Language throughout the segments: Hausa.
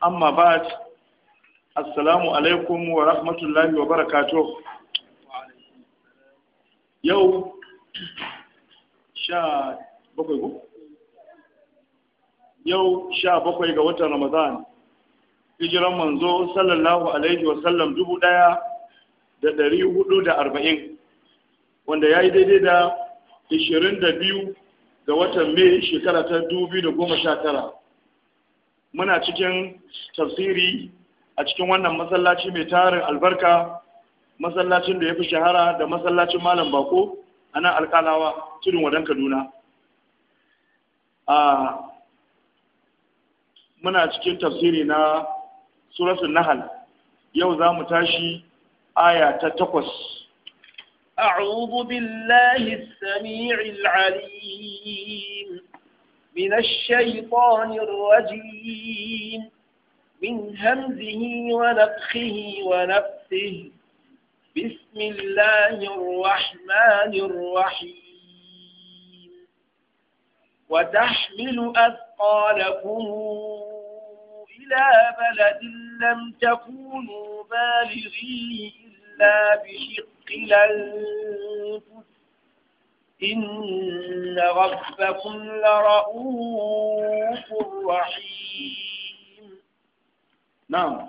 amma ba assalamu alaikum wa rahmatullahi wa barakato yau sha bakwai ku? yau sha bakwai ga watan ramadan hijiran manzo sallallahu alaihi wasallam dubu daya da dari hudu da arba'in wanda ya yi daidai da ishirin da biyu ga watan mai shekara ta dubu da goma sha tara muna cikin tafsiri a cikin wannan masallaci mai tarin albarka masallacin da ya fi shahara da masallacin malam bako a nan alkalawa tudun wadan kaduna muna cikin tafsiri na surasun nahal yau za mu tashi aya ta takwas أعوذ بالله السميع العليم من الشيطان الرجيم من همزه ونفخه ونفسه بسم الله الرحمن الرحيم وتحمل أثقالكم إلى بلد لم تكونوا بالغيه إلا بشق الأنفس إن ربكم لرؤوف رحيم نعم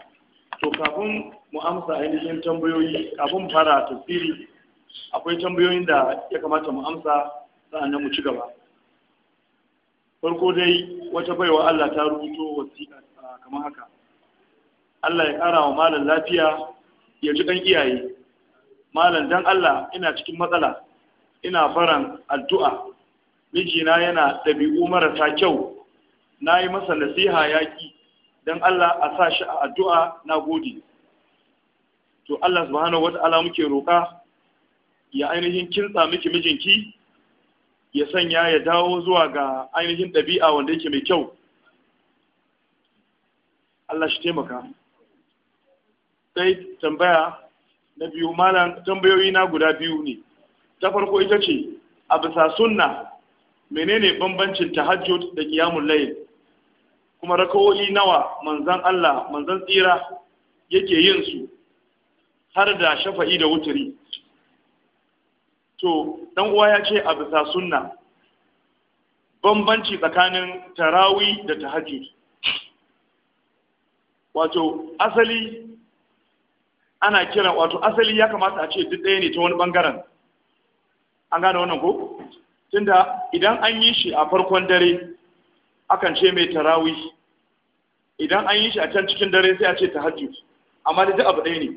to kafin mu amsa ainihin tambayoyi kafin fara tafsiri akwai tambayoyin da ya kamata mu amsa sa'annan mu ci gaba farko dai wata baiwa Allah ta rubuto wasiƙa kamar haka Allah ya ƙara wa malam lafiya ya ci ɗan iyaye malam dan Allah ina cikin matsala ina faran addu'a mijina yana ɗabi'u marasa kyau na yi masa nasiha yaƙi don Allah a sa shi a addu'a na gode to Allah subhanahu wa ta'ala muke roƙa ya ainihin kintsa miki mijinki ya sanya ya dawo zuwa ga ainihin ɗabi'a wanda yake mai kyau Allah shi taimaka sai tambaya na biyu malam tambayoyi na guda biyu ne ta farko ita ce a bisa sunna menene bambancin tahajjud da qiyamul layl kuma rakawoyi nawa manzan Allah manzon tsira yake yin su har da shafa'i da wuturi to dan uwa ya ce a bisa sunna bambanci tsakanin tarawi da tahajjud wato asali ana kiran wato asali ya kamata a ce duk ɗaya ne ta wani ɓangaren? an gane wannan ko tunda idan an yi shi a farkon dare akan ce mai tarawi. idan an yi shi a can cikin dare sai a ce tahajjud amma da abu ɗaya ne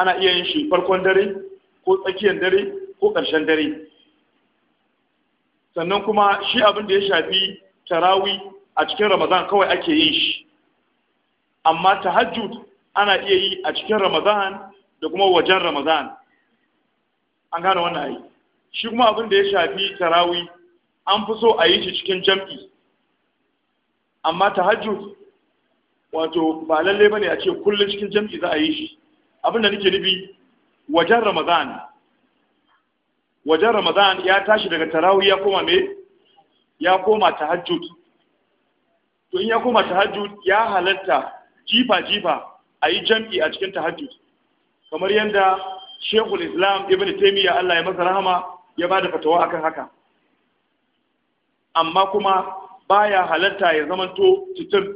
ana iya yin shi farkon dare ko tsakiyar dare ko ƙarshen dare sannan kuma shi abin da ya shafi tarawi a cikin ramadan kawai ake yin shi amma tahajjud ana iya yi a cikin ramadan da kuma wajen ramadan an gane wannan ayi shi kuma abin da ya shafi tarawi an fi so a yi shi cikin jam'i amma tahajjud wato ba lalle bane a ce kullum cikin jam'i za a yi shi abin da nake nufi wajen ramadan wajen ramadan ya tashi daga tarawi ya koma me ya koma tahajjud to in ya koma tahajjud ya halatta jifa jifa a yi jam'i a cikin tahajjud kamar yadda shekul islam ibn taimiyya allah ya masa rahama ya ba da fatawa akan haka amma kuma baya halarta ya zamanto titir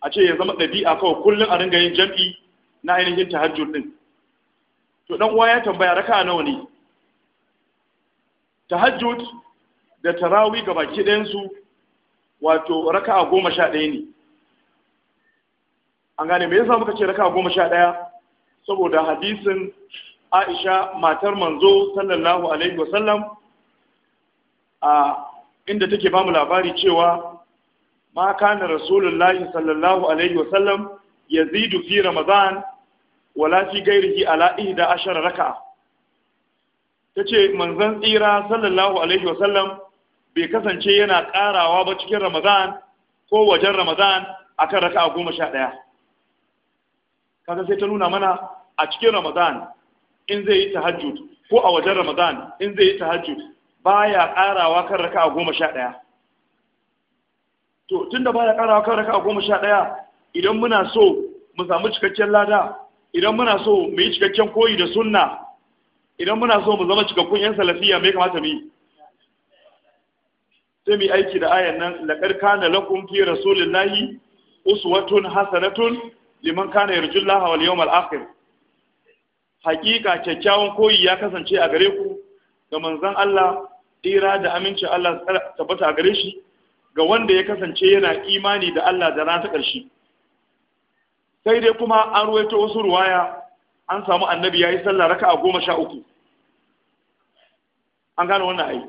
a ce ya zama ɗabi'a kawai kullum a ringa yin jam'i na ainihin tahajjud din to ɗan uwa ya tambaya raka nawa ne tahajjud da tarawi ga baki ɗayan wato raka goma sha ɗaya ne an gane me yasa muka ce raka goma sha ɗaya saboda hadisin Aisha matar manzo sallallahu alaihi wasallam a inda take bamu labari cewa ma kana rasulullahi sallallahu alaihi wasallam yazidu fi ramadan wala fi ghairihi ala 11 raka'a tace manzon tsira sallallahu alaihi wasallam bai kasance yana karawa ba cikin ramadan ko wajen ramadan akan raka'a 11 kaga sai ta nuna mana a cikin ramadan in zai yi tahajjud ko a wajen ramadan in zai yi tahajjud baya karawa kan raka'a goma sha ɗaya to tunda baya karawa kan raka'a goma sha ɗaya idan muna so mu samu cikakken lada idan muna so mu yi cikakken koyi da sunna idan muna so mu zama cikakkun yan salafiya me kamata mu yi sai mu aiki da ayan nan laqad kana lakum fi rasulillahi uswatun hasanatun liman kana yarjullaha wal yawmal akhir hakika kyakkyawan koyi ya kasance a gare ku ga manzon Allah tsira da amincin Allah tabbata a gare shi ga wanda ya kasance yana imani da Allah da rana ta ƙarshe sai dai kuma an ruwaito wasu ruwaya an samu annabi ya yi sallah raka a goma sha uku an gane wannan ai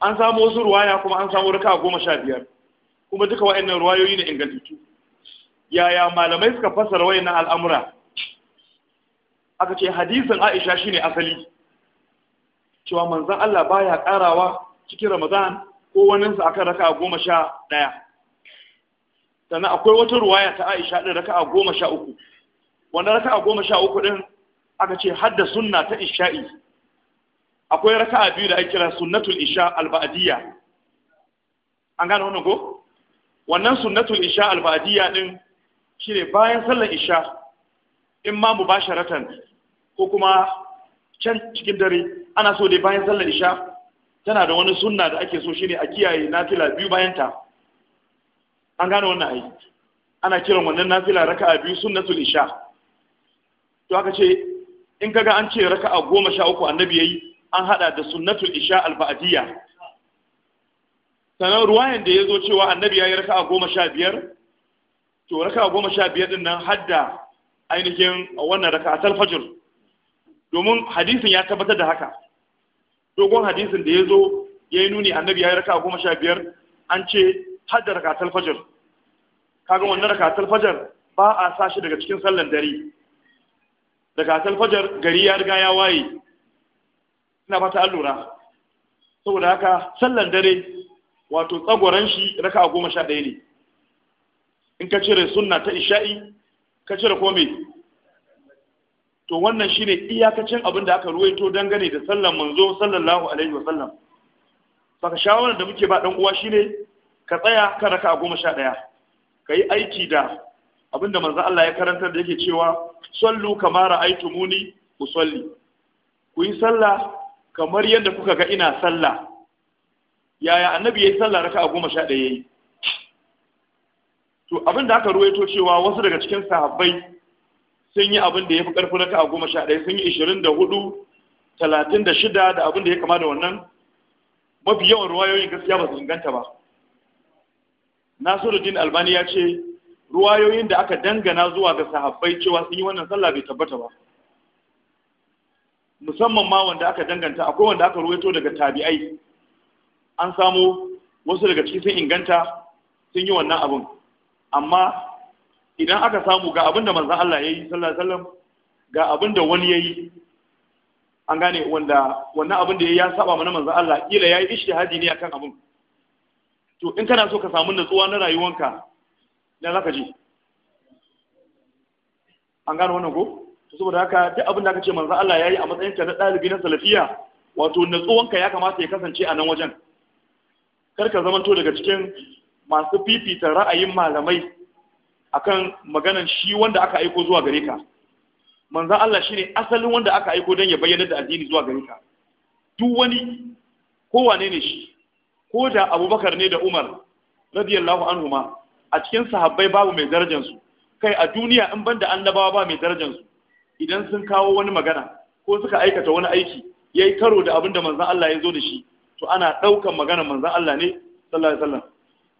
an samu wasu ruwaya kuma an samu raka a goma sha biyar kuma duka wa'annan ruwayoyi ne ingantattu yaya malamai suka fassara wa'annan al'amura aka ce hadisin aisha shine asali cewa manzon Allah baya karawa cikin ramadan ko waninsa akan raka goma sha ɗaya sannan akwai wata ruwaya ta aisha ɗin raka goma sha uku wanda raka goma sha uku ɗin aka ce hadda sunna ta isha'i akwai raka biyu da ake kira sunnatul isha alba'adiyya an gane wannan ko wannan sunnatul isha alba'adiyya ɗin shine bayan sallar isha in ma mubasharatan ko kuma can cikin dare ana so dai bayan sallar isha tana da wani sunna da ake so shine a kiyaye nafila biyu bayan ta an gane wannan ai ana kiran wannan nafila raka'a biyu sunnatul isha to aka ce in kaga an ce raka'a goma sha uku annabi yayi an hada da sunnatul isha alba'diyya sanan sannan ruwayan da ya zo cewa annabi ya yi raka'a goma sha biyar to raka'a goma sha biyar din nan hadda ainihin wannan raka'atul fajr domin hadisin ya tabbatar da haka dogon hadisin da ya zo ya yi nuni annabi ya yi raka goma sha biyar an ce har da raka talfajar kaga wannan raka talfajar ba a sa shi daga cikin sallan dare daga talfajar gari ya riga ya waye ina fata an lura saboda haka sallan dare wato tsagoran shi raka goma sha ɗaya ne in ka cire sunna ta isha'i ka cire komai to wannan shine iyakacin abin da aka ruwaito dangane da sallan manzo sallallahu alaihi wa sallam saka shawarar da muke ba ɗan uwa shine ka tsaya ka raka goma sha ɗaya ka yi aiki da abin da manzo Allah ya karanta da yake cewa sallu kama ra'aytumuni usalli ku yi sallah kamar yadda kuka ga ina sallah yaya annabi yayi sallah a goma sha ɗaya yayi to abin da aka ruwaito cewa wasu daga cikin sahabbai sun yi abin da ya fi ƙarfi raka goma sha ɗaya sun yi ishirin da hudu talatin da shida da abin da ya kama da wannan mafi yawan ruwayoyin gaskiya ba su inganta ba nasiruddin albani ya ce ruwayoyin da aka dangana zuwa ga sahabbai cewa sun yi wannan sallah bai tabbata ba musamman ma wanda aka danganta akwai wanda aka ruwaito daga tabi'ai an samo wasu daga cikin sun inganta sun yi wannan abun amma idan aka samu ga abin da manzan Allah ya yi sallallahu ga abin da wani ya yi an gane wanda wannan abin da ya yi saba mana manzan Allah Ila ya yi haji ne akan abin to in kana so ka samu natsuwa na rayuwanka na zaka ji an gane wannan ko to saboda haka duk abin da aka ce manzan Allah ya yi a matsayin ka na ɗalibi na salafiya wato natsuwanka ya kamata ya kasance a nan wajen kar ka zamanto daga cikin masu fifita ra'ayin malamai akan maganan shi wanda aka aiko zuwa gare ka manzan Allah shine asalin wanda aka aiko don ya bayyana da addini zuwa gare ka duk wani ko wane ne shi ko da abubakar ne da umar radiyallahu anhuma a cikin sahabbai babu mai darajar su kai a duniya in banda annabawa ba mai darajar su idan sun kawo wani magana ko suka aikata wani aiki yayi karo da abin da manzon Allah ya zo da shi to ana daukan maganar manzon Allah ne sallallahu alaihi wasallam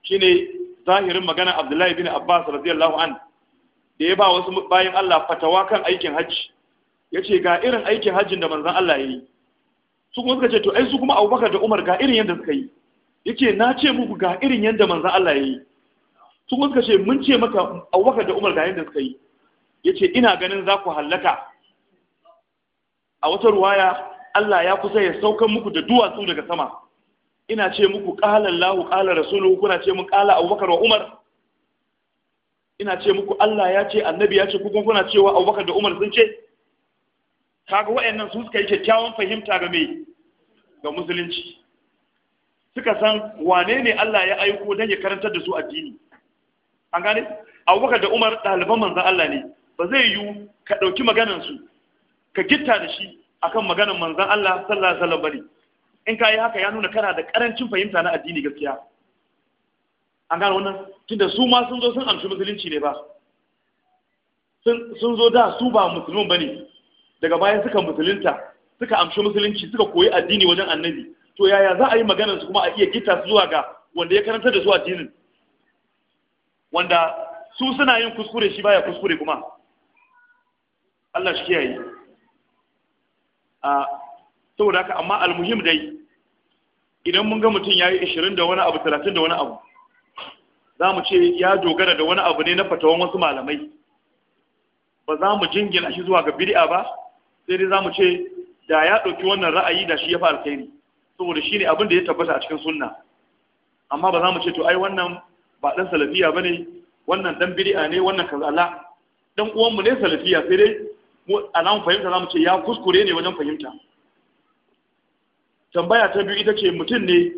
shine zahirin magana Abdullahi bin Abbas radiyallahu an da ya ba wasu bayan Allah fatawa kan aikin hajji ya ce ga irin aikin hajjin da manzan Allah ya yi, su kuma suka ce to ai su kuma Abubakar da Umar ga irin yadda suka yi ya ce na ce muku ga irin yadda manzan Allah ya yi, su kuma suka ce mun ce maka Abubakar da Umar ga yadda suka yi ya ce ina ganin za ku hallaka a wata ruwaya Allah ya kusa ya saukan muku da duwatsu daga sama ina ce muku qala Allahu qala rasuluhu kuna ce mun ƙala Abubakar wa Umar ina ce muku Allah ya ce annabi ya ce ku kuna cewa Abubakar da Umar sun ce kaga wayannan su suka yi kyakkyawan fahimta ga mai ga musulunci suka san wane ne Allah ya aiko don ya karantar da su addini an gane abubakar da umar ɗaliban manzan Allah ne ba zai yiwu ka ɗauki maganansu ka gitta da shi akan maganan manzan Allah sallallahu alaihi wasallam bane in ka yi haka ya nuna kana da karancin fahimta na addini gaskiya an gano wannan tunda su ma sun zo sun amshi musulunci ne ba sun zo da su ba musulmin ba ne daga baya suka musulunta suka amshi musulunci suka koyi addini wajen annabi to yaya za a yi maganar su kuma a iya gita su zuwa ga wanda ya karanta da su addinin wanda su suna yin kuskure shi baya kuskure kuma Allah shi kiyaye a ah, saboda haka amma almuhim dai idan mun ga mutum ya yi ishirin da wani abu talatin da wani abu za mu ce ya dogara da wani abu ne na fatawan wasu malamai ba za mu jingina shi zuwa ga bid'a ba sai dai za mu ce da ya ɗauki wannan ra'ayi da shi ya fi ne, saboda shi ne abin da ya tabbata a cikin sunna amma ba za mu ce to ai wannan ba ɗan salafiya ba ne wannan ɗan bid'a ne wannan kaza Ɗan uwanmu ne salafiya sai dai mu fahimta za mu ce ya kuskure ne wajen fahimta tambaya ta biyu ita ce mutum ne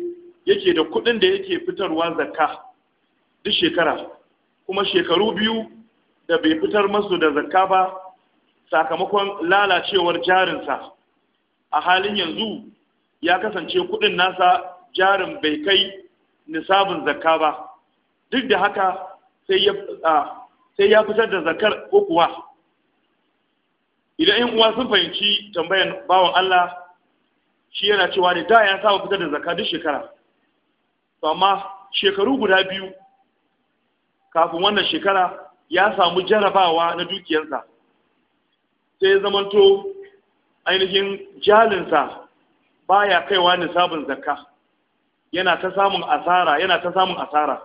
yake da kuɗin da yake fitarwa zakka duk shekara kuma shekaru biyu da bai fitar masu da zakka ba sakamakon lalacewar jarinsa a halin yanzu ya kasance kuɗin nasa jarin bai kai nisabin zakka ba duk da haka sai ya fitar da zakar ko kuwa idan 'yan uwa sun fahimci tambayan bawan Allah shi yana cewa ne da ya saba fitar da zakka duk shekara to amma shekaru guda biyu kafin wannan shekara ya samu jarabawa na dukiyarsa sai ya zamanto ainihin jalinsa baya kaiwa nisabin zakka yana ta samun asara yana ta samun asara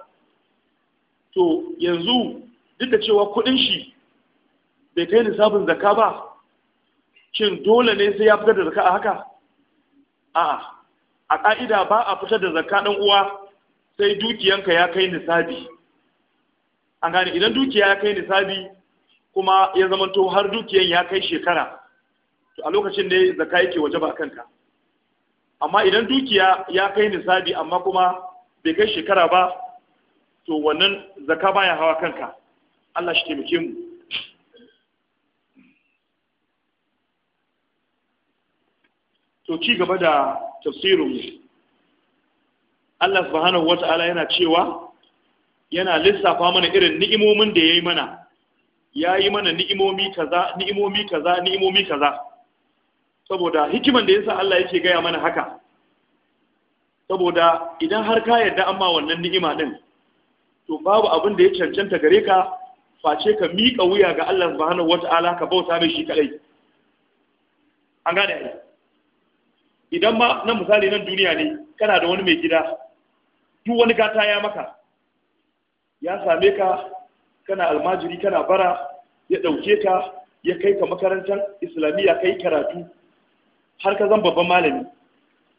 to yanzu duk da cewa kudin shi bai kai nisabin zakka ba shin dole ne sai ya fitar da zakka a haka a'a a ƙa'ida ba a fitar da zakka ɗan uwa sai dukiyanka ya kai nisabi an gane idan dukiya ya kai nisabi kuma ya zamanto har dukiyan ya kai shekara to a lokacin ne zakka yake waje ba kanka amma idan dukiya ya kai nisabi amma kuma bai kai shekara ba to wannan zaka baya hawa kanka Allah shi taimake mu to ci gaba da tafsirin Allah subhanahu wata'ala yana cewa yana lissafa mana irin ni'imomin da yayi mana yayi mana ni'imomi kaza ni'imomi kaza ni'imomi kaza saboda hikiman da yasa Allah yake gaya mana haka saboda idan har ka yarda amma wannan ni'ima din to babu abin da ya cancanta gare ka face ka miƙa wuya ga Allah subhanahu wata'ala ka bauta mai shi kadai an gane idan ma nan misali nan duniya ne kana da wani mai gida duk wani gata ya maka ya same ka kana almajiri kana bara ya ɗauke ka ya kai ka makarantar islamiyya kai karatu har ka zan babban malami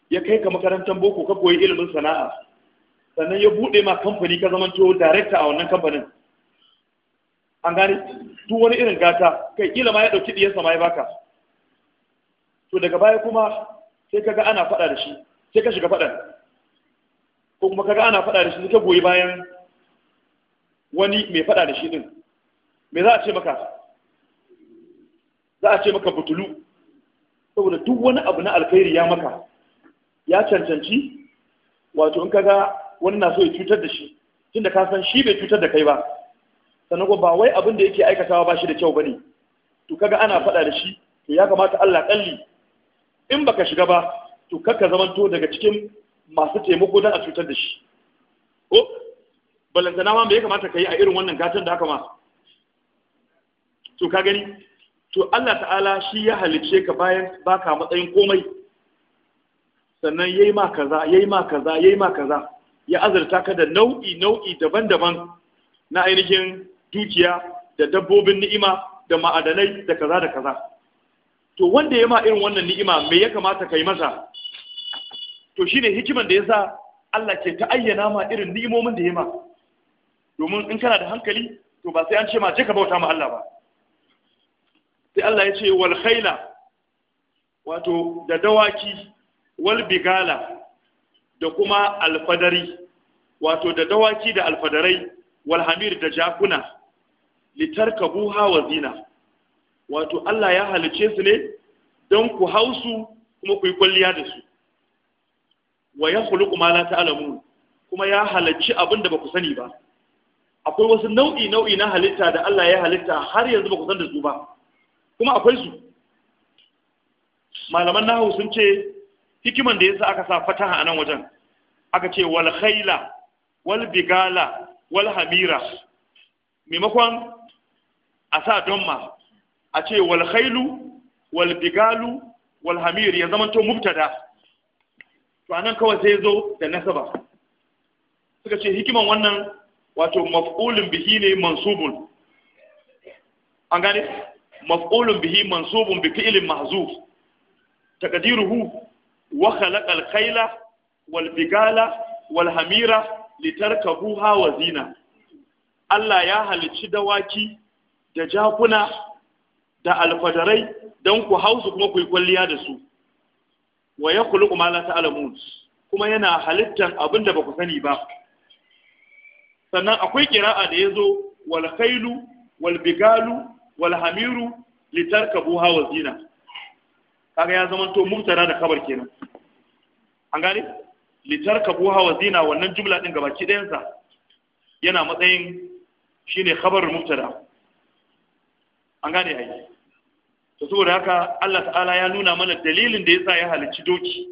ya kai ka makarantar boko ka koyi ilimin sana'a sannan ya buɗe ma kamfani ka zaman to darekta a wannan kamfanin an gane duk wani irin gata kai kila ma ya ɗauki ɗiyarsa ma ya baka to daga baya kuma sai kaga ana faɗa da shi sai ka shiga faɗan ko kuma kaga ana faɗa da shi sai ka goyi bayan wani mai faɗa da shi din me za a ce maka za a ce maka butulu saboda duk wani abu na alkhairi ya maka ya cancanci wato in kaga wani na so ya cutar da shi tunda ka san shi bai cutar da kai ba sannan ko ba wai abin da yake aikatawa ba shi da kyau bane to kaga ana faɗa da shi to ya kamata Allah kalli in baka shiga ba to kakka zamanto daga cikin masu taimako don a cutar da shi ko balantana ma bai kamata ka yi a irin wannan gatan da haka ma to ka gani to Allah ta'ala shi ya halicce ka bayan baka matsayin komai sannan yayi ma kaza yayi ma kaza yayi ma kaza ya azurta ka da nau'i nau'i daban-daban na ainihin dukiya da dabbobin ni'ima da ma'adanai da kaza da kaza to wanda ya ma irin wannan ni'ima me ya kamata kai masa to shine hikiman da yasa Allah ke ta ayyana ma irin ni'imomin da ya ma domin in kana da hankali to ba sai an ce ma je ka bauta ma Allah ba sai Allah ya ce wal khaila wato da dawaki wal bigala da kuma alfadari wato da dawaki da alfadarai wal hamir da jakuna litarkabuha wa zina wato Allah ya halice su ne don ku hau su kuma ku yi kwalliya da su wa ya khuluqu kuma la ta'lamun kuma ya halacci abin da ba ku sani ba akwai wasu nau'i nau'i na halitta da Allah ya halitta har yanzu ba ku san da su ba kuma akwai su malaman nahawu sun ce hikiman da yasa aka sa fataha a nan wajen aka ce wal khaila wal bigala wal hamira maimakon a sa don ma a ce walhailu Walbigalu, Walhamir ya zama to mubtada to anan kawai sai zo da nasaba suka ce hikiman wannan wato maf'ulun bihi ne mansubun an gane maf'ulun bihi mansubun bi fi'lin mahzuf taqdiruhu wa khalaqa khayla wal bigala wal hamira litarkabuha wa zina Allah ya halicci dawaki da jakuna da alfadarai don ku hausu kuma ku yi kwalliya da su wa ya kulu kuma la kuma yana halittar abin da ku sani ba sannan akwai kira'a da ya zo, khailu wal Walhamiru, wal hamiru buha wa zina kaga ya zama to mubtada da kabar kenan an gane buha wa zina wannan jumla din gabaki ɗayansa yana matsayin shine kabar mubtada an gane ai to saboda haka Allah ta'ala ya nuna mana dalilin da yasa ya halicci doki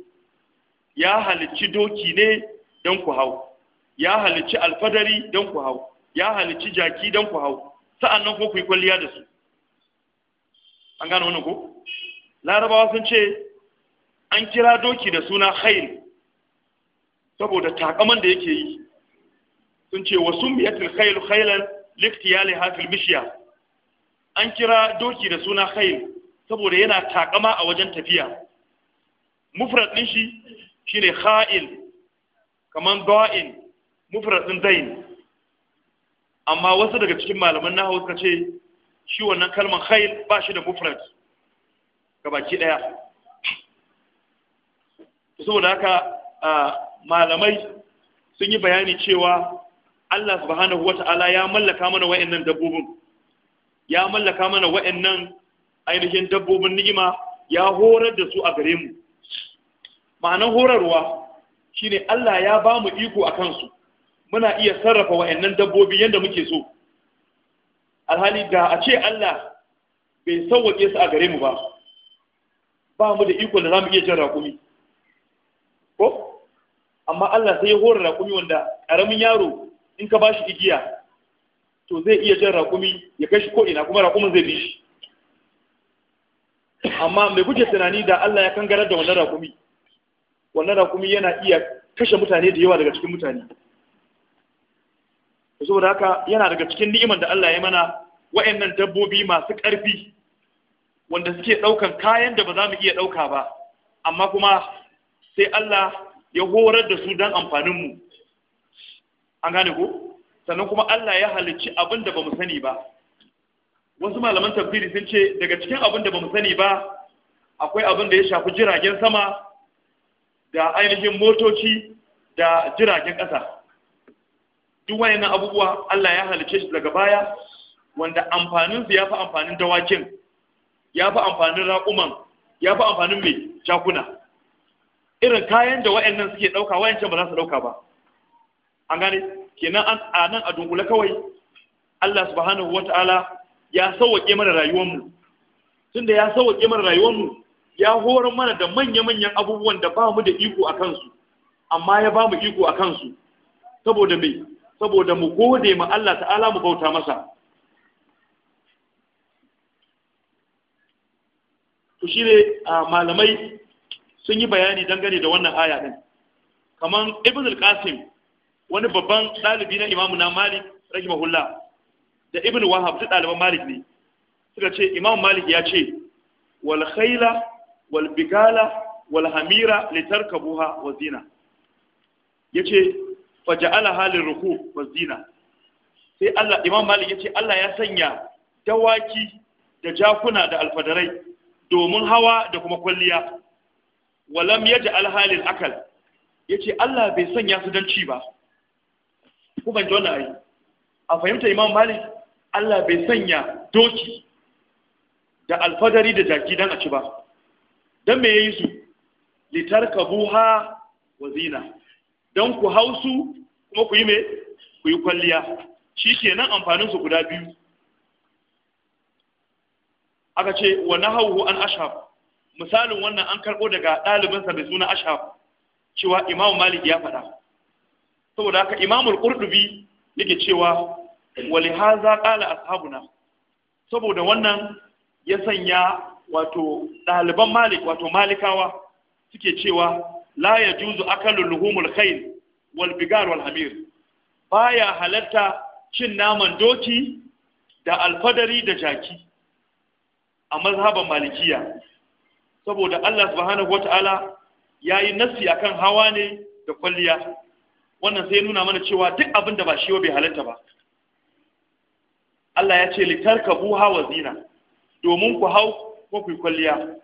ya halicci doki ne don ku hau ya halicci alfadari don ku hau ya halicci jaki dan ku hau sa'annan ko ku yi kwalliya da su an gane wannan ko larabawa sun ce an kira doki da suna khair saboda takaman da yake yi sun ce wasu miyatul khailu khailan liftiyali hafil mishiya an kira doki da suna khayl saboda yana takama a wajen tafiya mufrad din shi shine kha'il kaman da'in mufrad din dain amma wasu daga cikin malaman na suka ce shi wannan kalmar khayl ba shi da mufrad gabaki daya saboda haka malamai sun yi bayani cewa Allah subhanahu wata'ala ya mallaka mana wayannan dabbobin ya mallaka mana wa'annan ainihin dabbobin ni'ima ya horar da su a gare mu Ma'anar horarwa shine Allah ya ba mu iko a kansu muna iya sarrafa wa'annan dabbobi yadda muke so alhali da a ce Allah bai sauwaƙe su a gare mu ba ba mu da iko da za mu iya jan raƙumi ko amma Allah sai ya horar raƙumi wanda ƙaramin yaro in ka ba shi igiya to zai iya jan rakumi ya kai shi ko'ina kuma rakumin zai bi shi amma mai guje tunani da Allah ya kangarar da wannan raƙumi wannan raƙumi yana iya kashe mutane da yawa daga cikin mutane saboda haka yana daga cikin ni'iman da Allah ya mana wa'annan dabbobi masu ƙarfi wanda suke ɗaukan kayan da ba za mu iya ɗauka ba amma kuma sai Allah ya horar da su don amfaninmu an gane ko sannan kuma Allah ya halicci abin da bamu sani ba wasu malaman tafsiri sun ce daga cikin abin da bamu sani ba akwai abin da ya shafi jiragen sama da ainihin motoci da jiragen ƙasa duk wayannan abubuwa Allah ya halicce shi daga baya wanda amfanin su yafi amfanin dawakin yafi amfanin raƙuman yafi amfanin mai jakuna irin kayan da wayannan suke ɗauka wayancan ba za su ɗauka ba an gane kenan a nan a dunkule kawai Allah subhanahu wata'ala ya sauke mana rayuwarmu tunda ya sauke mana rayuwarmu ya horar mana da manya-manyan abubuwan da ba mu da iko a kansu amma ya ba mu iko a kansu saboda me saboda mu gode ma Allah ta'ala mu bauta masa to shi ne malamai sun yi bayani dangane da wannan aya din kamar ibn al-qasim wani babban ɗalibi na imamu na malik rahimahullah da ibn wahab duk ɗaliban malik ne suka ce imamu malik ya ce wal khaila wal bigala wal hamira litarkabuha wa zina yace faja'ala halin ruku wa zina sai Allah imam malik ya ce, Allah ya sanya dawaki da jakuna da alfadarai domin hawa da kuma kwalliya walam yaj'al halin akal Ya ce, Allah bai sanya su don ci ba ku ban wannan ayi a fahimta imam malik Allah bai sanya doki da alfadari da jaki dan a ci ba dan me yayi su litarkabuha wa zina dan ku hausu kuma ku yi me ku yi kwalliya shikenan amfanin su guda biyu aka ce wa nahawu an ashab misalin wannan an karbo daga ɗalibinsa mai suna ashab cewa imam malik ya faɗa saboda haka imamul qurdubi yake cewa wali haza qala ashabuna saboda wannan ya sanya wato ɗaliban malik wato malikawa suke cewa la yajuzu akalu luhumul khayl wal bigar wal hamir baya halatta cin naman doki da alfadari da jaki a mazhaban malikiya saboda Allah subhanahu wata'ala yayi nasi akan hawa ne da kwalliya wannan sai nuna mana cewa duk abin da ba shi bai halatta ba Allah ya ce litarkabu hawa zina domin ku hau ko ku kwalliya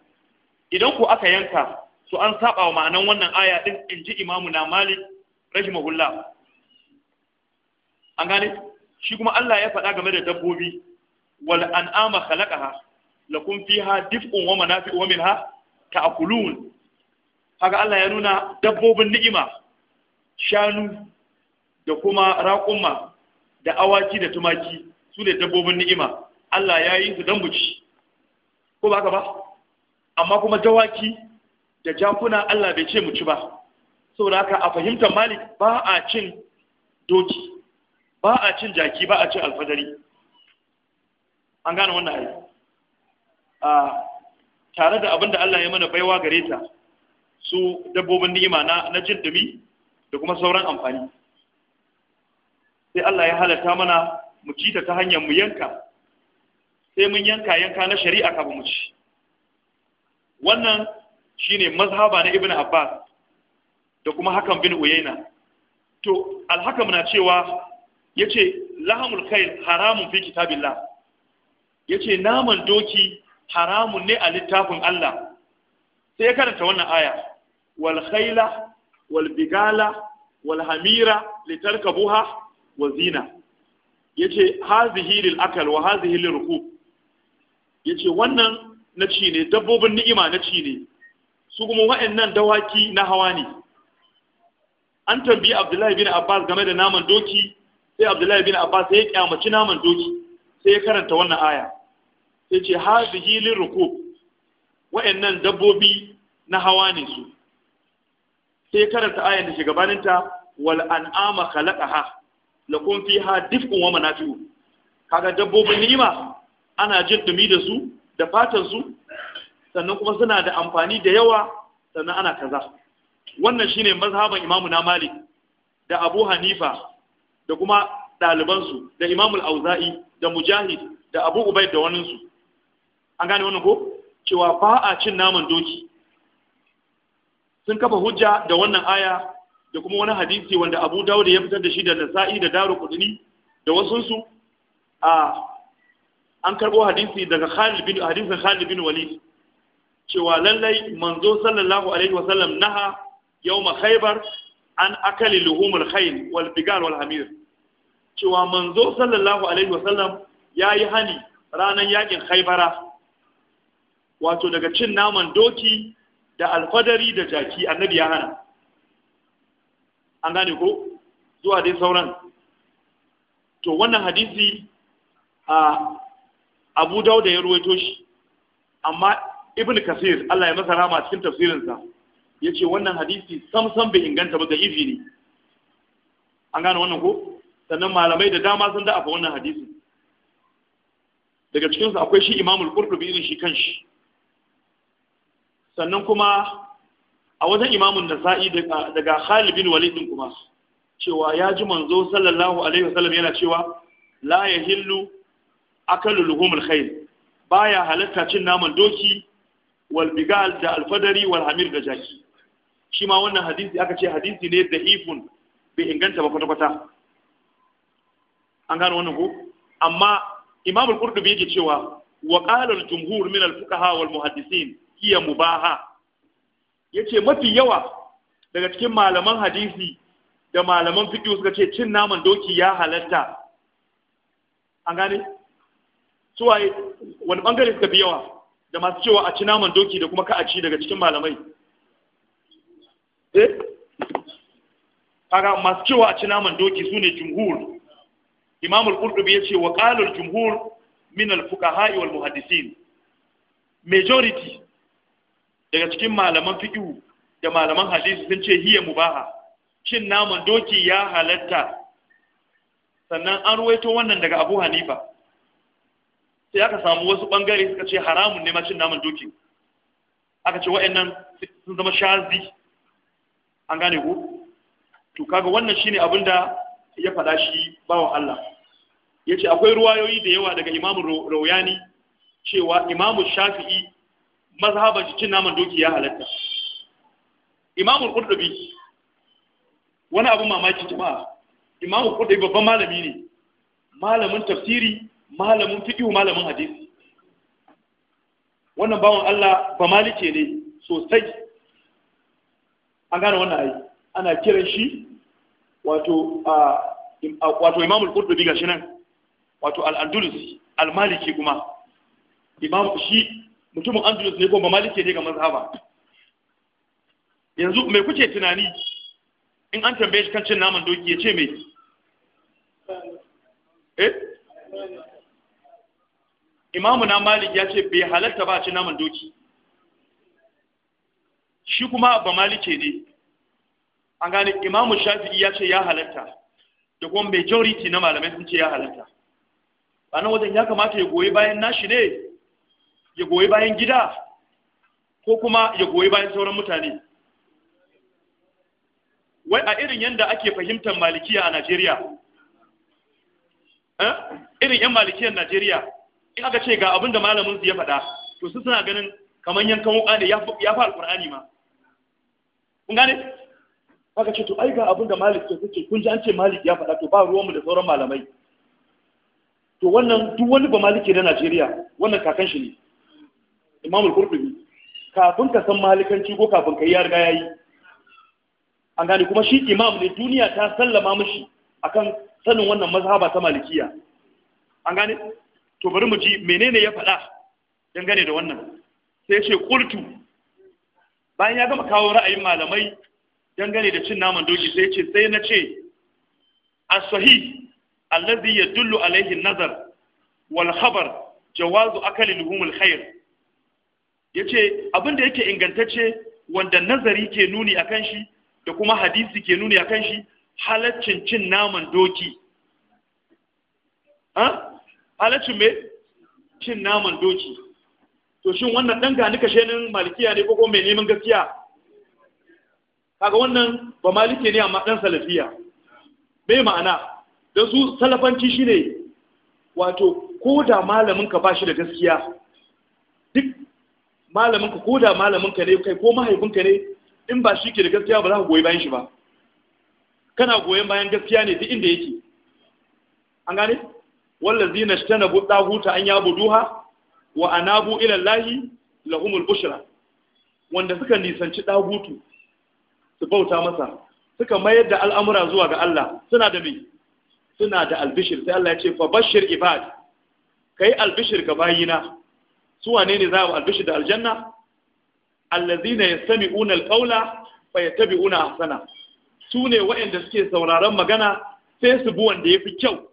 idan ku aka yanka to an saba wa ma'anan wannan aya din in ji imamu na malik rahimahullah an gane shi kuma Allah ya faɗa game da dabbobi wal an'ama khalaqaha lakum fiha dif'un wa manafi'u minha ta'kulun haka Allah ya nuna dabbobin ni'ima shanu da kuma raƙuma da awaki da tumaki su ne dabbobin ni'ima Allah ya yi su don mu ko ba ka ba amma kuma dawaki da jakuna Allah bai ce mu ci ba saboda haka a fahimtar malik ba a cin doki ba a cin jaki ba a cin alfadari an gane wannan hari a tare da abinda Allah ya mana baiwa gare ta su dabbobin ni'ima na jin dumi da kuma sauran amfani sai Allah ya halatta mana mu ci ta hanyar mu yanka sai mun yanka yanka na shari'a kafin mu ci wannan shine mazhaba na Ibn Abbas da kuma hakan bin Uyayna to alhakam na cewa yace lahamul khair haramun fi kitabillah yace naman doki haramun ne a littafin Allah sai ya karanta wannan aya wal khaila Walbigala, Walhamira, wal hamira litarkabuha wa zina yace hazihi lil akal wa hazihi lil rukub yace wannan na ci ne dabbobin ni'ima na ci ne su kuma wa'annan dawaki na hawa ne an tambayi Abdullahi bin Abbas game da naman doki sai Abdullahi bin Abbas ya kyamaci naman doki sai ya karanta wannan aya sai ce hazihi lil rukub wa'annan dabbobi na hawa ne su sai karanta ayan da shugabaninta wal an'ama khalaqaha lakum fiha difkun wa manafi'u kaga dabbobin ni'ima ana jin dumi da su da fatan su sannan kuma suna da amfani da yawa sannan ana kaza wannan shine mazhaban imamu na malik da abu hanifa da kuma ɗalibansu da imamul auza'i da mujahid da abu ubaid da waninsu an gane wannan ko cewa ba a cin naman doki sun kafa hujja da wannan aya da kuma wani hadisi wanda Abu Dawud ya fitar da shi da Nasa'i da Daruqutni da wasu su a an karbo hadisi daga Khalid bin hadisin Khalid bin Walid cewa lallai manzo sallallahu alaihi wasallam naha yawma Khaybar an akali luhumul khayl wal bigal wal hamir cewa manzo sallallahu alaihi wasallam yayi hani ranan yakin Khaybara wato daga cin naman doki da alfadari da jaki annabi ya hana an gane ko zuwa dai sauran to wannan hadisi a abu dauda ya ruwaito shi amma ibn kasir Allah ya masa rama cikin tafsirinsa ya ce wannan hadisi samsam bai inganta ba da ifi ne an gane wannan ko sannan malamai da dama sun da'afa wannan hadisin daga cikinsu akwai shi imamul kurkubi irin shi kanshi sannan kuma a wajen imamun nasa'i daga Khalid walidin kuma cewa ya ji manzo sallallahu alaihi wasallam yana cewa la ya hillu akalu luhumul khayl baya halatta cin naman doki wal bigal da alfadari wal hamir da jaki shi ma wannan hadisi aka ce hadisi ne da ifun bai inganta ba kwata kwata an gano wannan ko amma imamul qurtubi yake cewa wa qala al-jumhur min al-fuqaha wal muhaddisin hiya mubaha yace mafi yawa daga cikin malaman hadisi da malaman fiqh suka ce cin naman doki ya halatta an gane su waye wani bangare suka bi yawa da masu cewa a ci naman doki da kuma ka a ci daga cikin malamai eh aga masu cewa a ci naman doki sune jumhur imam al-qurtubi yace wa qala al-jumhur min al-fuqaha wal muhaddisin majority daga cikin malaman fiqh da malaman hadisi sun ce hiya mubaha cin naman doki ya halatta sannan an ruwaito wannan daga Abu Hanifa sai aka samu wasu bangare suka ce haramun ne ma cin naman doki aka ce wa'annan sun zama shazi an gane ku to kaga wannan shine abin da ya faɗa shi bawa Allah ce akwai ruwayoyi da yawa daga Imam Rawayani cewa Imam Shafi'i mazhaba cikin naman doki ya halatta imamul qurtubi wani abu mamaki jama'a imamul qurtubi babban malami ne malamin tafsiri malamin fiqh malamin hadisi wannan bawan Allah ba malike ne sosai an gane wannan ai ana kiran shi wato a wato imamul qurtubi gashi nan wato al-andalusi al-maliki kuma imam shi mutumin andalus ne ko ba malike ne ga mazhaba yanzu me kuke tunani in an tambaye shi kan cin naman doki ya ce me eh imamu na malik ya ce bai halatta ba cin naman doki shi kuma ba malike ne an gane imamu shafi'i ya ce ya halatta da kuma majority na malamai sun ce ya halatta Ba wajen ya kamata ya goyi bayan nashi ne ya goyi bayan gida ko kuma ya goyi bayan sauran mutane wai a irin yadda ake fahimtar malikiya a najeriya eh, irin 'yan malikiyar najeriya in aka ce ga abinda malamin su ya faɗa to su suna ganin kamar yankan wuka ne ya fi alkur'ani ma kun gane aka ce to ai ga abinda malik ya ce kun ji an ce malik ya faɗa to ba ruwanmu da sauran malamai to wannan duk wani ba maliki na najeriya wannan kakan shi ne imam al-qurtubi kafin ka san malikanci ko kafin kai yi riga yayi an gane kuma shi imam ne duniya ta sallama mishi akan sanin wannan mazhaba ta malikiya an gane to bari mu ji menene ya faɗa dangane da wannan sai ce qultu bayan ya gama kawo ra'ayin malamai dangane da cin naman doki sai ce sai na ce as-sahih alladhi yadullu alayhi an-nazar wal khabar jawazu akali luhumul khair yace abin da yake ingantacce wanda nazari ke nuni akan shi da kuma hadisi ke nuni akan shi halaccin cin naman doki ha halaccin me cin naman doki to shin wannan dan ga nika shenin malikiya ne ko ko mai neman gaskiya kaga wannan ba malike ne amma dan salafiya bai ma'ana da su salafanci shine wato ko da malamin ka bashi da gaskiya duk malamin ko da malamin ka ne kai ko mahaifin ne in ba shi ke da gaskiya ba za ka goyi bayan shi ba kana goyon bayan gaskiya ne duk inda yake an gane wallan zina shi tana buɗa huta an yabu duha wa anabu ilallahi lahi lahumul bushra wanda suka nisanci ɗagutu su bauta masa suka mayar da al'amura zuwa ga Allah suna da mai suna da albishir sai Allah ya ce fa bashir ibad kai albishir ga bayina su wane ne za a albishi da aljanna allazina yastami'una alqawla fa yattabi'una ahsana su ne waɗanda suke sauraron magana sai su bi wanda yafi kyau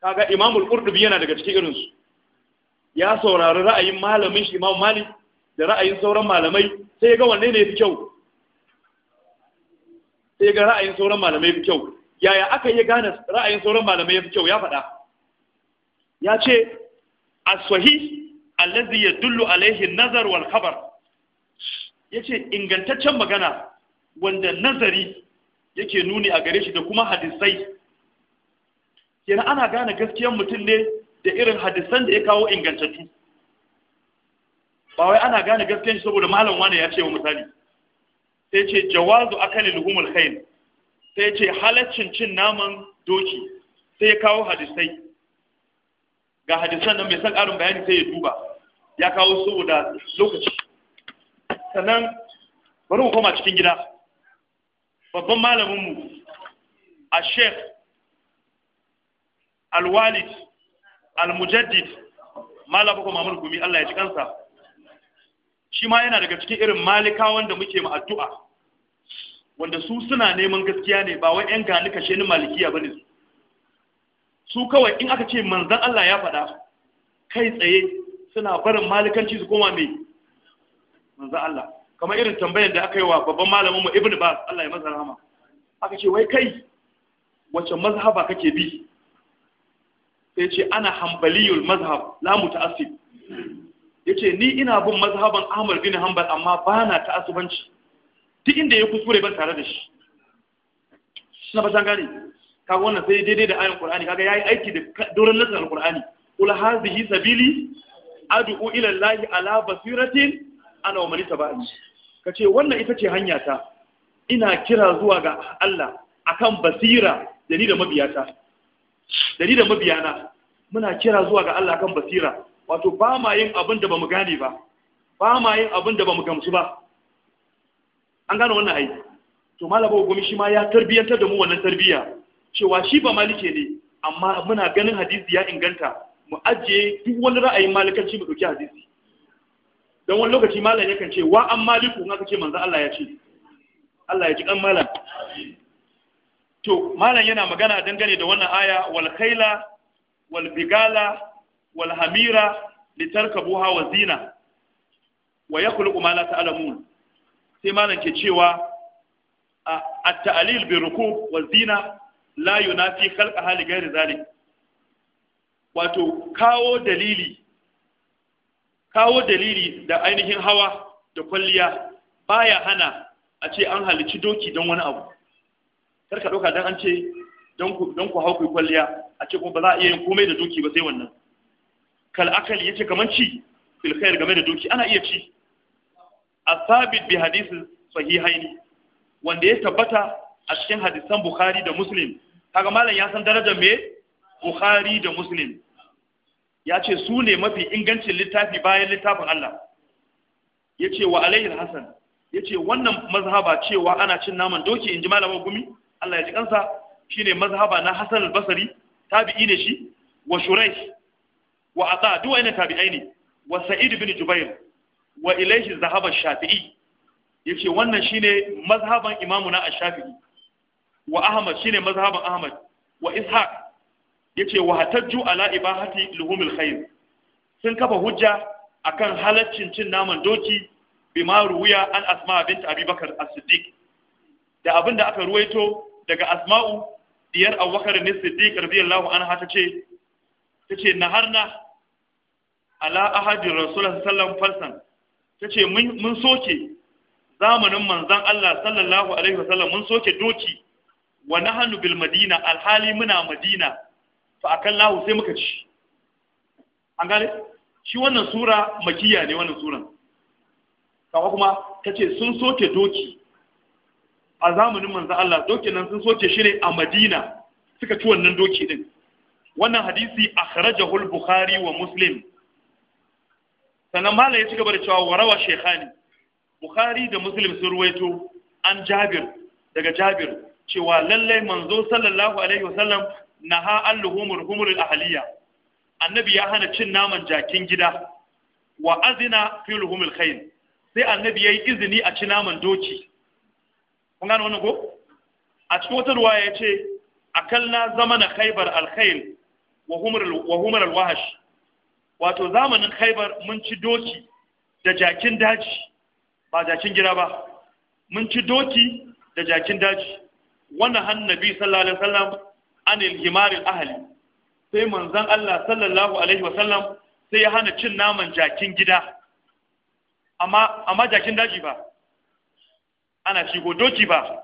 kaga imamul qurtubi yana daga cikin irin su ya saurari ra'ayin malamin shi imam malik da ra'ayin sauran malamai sai ga wanne ne yafi kyau sai ga ra'ayin sauran malamai yafi kyau yaya aka yi gane ra'ayin sauran malamai yafi kyau ya faɗa ya ce as-sahih allazi dullu alaihi nazar wal khabar yace ingantaccen magana wanda nazari yake nuni a gare shi da kuma hadisai kenan ana gane gaskiyar mutum ne da irin hadisan da ya kawo ingantattu ba wai ana gane gaskiyar shi saboda malam wani ya ce wa misali sai ce jawazu akalil humul khayl sai ce halaccin cin naman doki sai ya kawo hadisai ga hadisan nan mai san ƙarin bayani sai ya duba ya kawo saboda lokaci sannan bari mu koma cikin gida babban malaminmu a shek alwalid almujaddid malam bako mamul gumi Allah ya ji kansa shi ma yana daga cikin irin malikawan da muke ma addu'a wanda su suna neman gaskiya ne ba wai yan gani kashe ni malikiya ba su kawai in aka ce manzon Allah ya faɗa kai tsaye suna barin malikanci su koma mai manzo Allah kamar irin tambayar da aka yi wa babban malamin mu Ibn Bas Allah ya masa rahama aka ce wai kai wace mazhaba kake bi sai ce ana hanbaliyul mazhab la muta'assib yace ni ina bin mazhaban Ahmad bin Hanbal amma bana ta'assubanci duk inda ya kusure ban tare da shi suna ba gane kaga wannan sai daidai da ayan Qur'ani kaga yayi aiki da doron nasarar Qur'ani qul hadhihi sabili ad'u ila lahi ala basiratin ana wa man Ka kace wannan ita ce hanya ta ina kira zuwa ga Allah akan basira da ni da mabiyata da ni da mabiyana muna kira zuwa ga Allah akan basira wato ba ma yin abin da bamu gane ba ba ma yin abin da bamu gamsu ba an gane wannan ai to malaba gumi shi ma ya tarbiyantar da mu wannan tarbiya cewa shi ba malike ne amma muna ganin hadisi ya inganta mu ajiye duk wani ra'ayin malikanci mu ɗauki hadisi don wani lokaci malam ya ce wa an maliku nga kace manzo Allah ya ce Allah ya ji kan malam to malam yana magana dangane da wannan aya wal khaila wal bigala wal hamira litarkabuha wa zina wa yakhluqu ma la ta'lamun sai malam ke cewa at-ta'lil bi rukub wa zina la yunafi khalqa hali ghairi zalik wato kawo dalili kawo dalili da ainihin hawa da kwalliya baya hana a ce an halici doki don wani abu karka ɗauka don an ce don ku hau kai kwalliya a ce kuma ba za a iya yin komai da doki ba sai wannan kal akali yace kaman ci fil khair game da doki ana iya ci asabit bi hadisi sahihaini wanda ya tabbata a cikin hadisan bukhari da muslim kaga malam ya san darajar me bukhari da muslim ya ce su ne mafi ingancin littafi bayan littafin Allah ya ce wa alayhi hasan ya ce wannan mazhaba cewa ana cin naman doki in ji malamin gumi Allah ya ji kansa shine mazhaba na hasan al-basri tabi'i ne shi wa shuraih wa ata duk ina tabi'ai ne wa sa'id bin jubair wa ilayhi zahaba shafi'i ya ce wannan shine mazhaban imamuna a shafii wa ahmad shine mazhaban ahmad wa ishaq yace wa hatajju ala ibahati luhumil khair sun kafa hujja akan halaccin cin naman doki ma ruwiya an asma bint abubakar as-siddiq da abinda aka ruwaito daga asma'u diyar abubakar ne siddiq radiyallahu anha tace tace naharna ala ahadi rasulullahi sallallahu alaihi wasallam tace mun soke zamanin manzon Allah sallallahu alaihi wasallam mun soke doki wa nahnu bil madina alhali muna madina fa lahu sai muka ci an gane shi wannan sura makiya ne wannan suran kawo kuma ta ce sun soke doki a zamanin manzan Allah doki nan sun soke shi ne a madina suka ci wannan doki din wannan hadisi a kharajahul bukhari wa muslim sannan mala ya ci gaba da cewa warawa shekhani bukhari da muslim sun ruwaito an jabir daga jabir cewa lallai manzo sallallahu alaihi wasallam naha alluhumul humul ahliya annabi ya hana cin naman jakin gida wa azina fi humul khayl sai annabi yayi izini a ci naman doki kun gane wannan ko a cikin wata ya ce akalna zamana khaybar al khayl wa humul wa humul al wahash wato zamanin khaybar mun ci doki da jakin daji ba jakin gida ba mun ci doki da jakin daji wannan hannabi sallallahu alaihi wasallam anil himaril ahli sai manzon Allah sallallahu alaihi wasallam sai ya hana cin naman jakin gida amma amma jakin daji ba ana shigo doki ba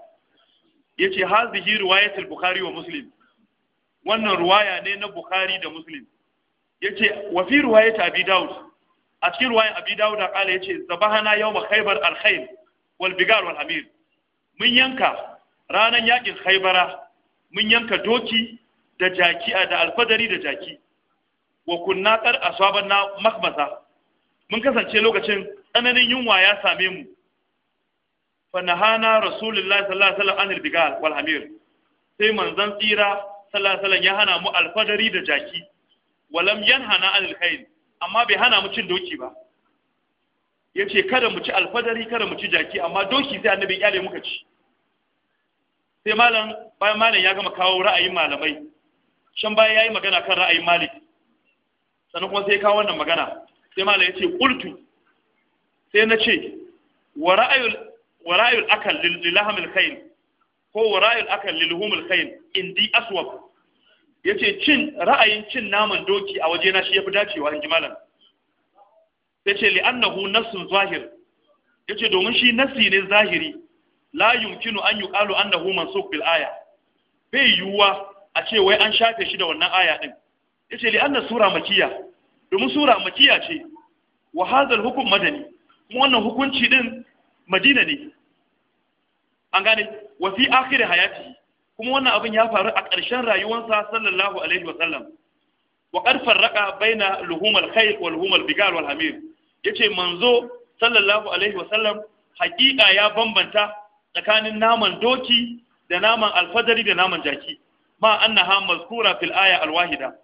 yace hazihi riwayatul bukhari wa muslim wannan ruwaya ne na bukhari da muslim yace wa fi riwayat abi daud a cikin ruwayan abi daud kala yace zabahana yawma khaybar al-khayl wal bigar wal hamir mun yanka ranan yakin khaybara mun yanka doki da jaki a da alfadari da jaki wa kunna qad na makmasa. mun kasance lokacin tsananin yunwa ya same mu fa nahana rasulullahi sallallahu alaihi wasallam anil bigal wal hamir sai manzon tsira sallallahu alaihi wasallam ya hana mu alfadari da jaki walam yanhana anil khayl amma bai hana mu cin doki ba yace kada mu ci alfadari kada mu ci jaki amma doki sai annabi ya muka ci sai malam bayan malam ya gama kawo ra'ayin malamai shan baya yi magana kan ra'ayin malik sannan kuma sai kawo wannan magana sai malam ya ce, ƙultu sai na ce wa ra'ayul akal lil khayl ko wa ra'ayul akal in indi aswab yace cin ra'ayin cin naman doki a waje na shi fi dacewa in ji malam ce li'annahu nassun zahir Ya ce domin shi nassi ne zahiri la yumkinu an yuqalu annahu mansukh bil aya bai yuwa a ce wai an shafe shi da wannan aya din yace li anna sura makiyya domin sura makiyya ce wa hadha hukum madani kuma wannan hukunci din madina ne an gane wa fi akhir hayati kuma wannan abin ya faru a ƙarshen rayuwarsa sallallahu alaihi wa sallam wa qad farraqa baina luhumal khayl wal humal bigal wal hamir yace manzo sallallahu alaihi wa sallam haƙiƙa ya bambanta tsakanin naman doki da naman alfajari da naman jaki ma annaha mazkura fil aya alwahida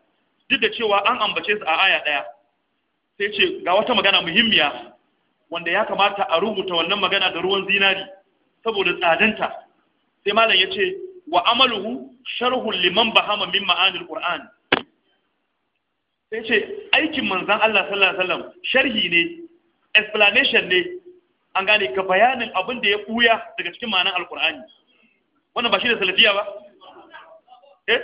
duk da cewa an ambace su a aya daya sai ce ga wata magana muhimmiya wanda ya kamata a rubuta wannan magana da ruwan zinari saboda tsadanta sai malam ya ce wa amaluhu sharhun liman bahama min ma'ani alquran sai ce aikin manzon Allah sallallahu alaihi wasallam sharhi ne explanation ne an gane ka bayanin abin da ya buya daga cikin ma'anar alkur'ani wannan ba shi da salafiya ba eh?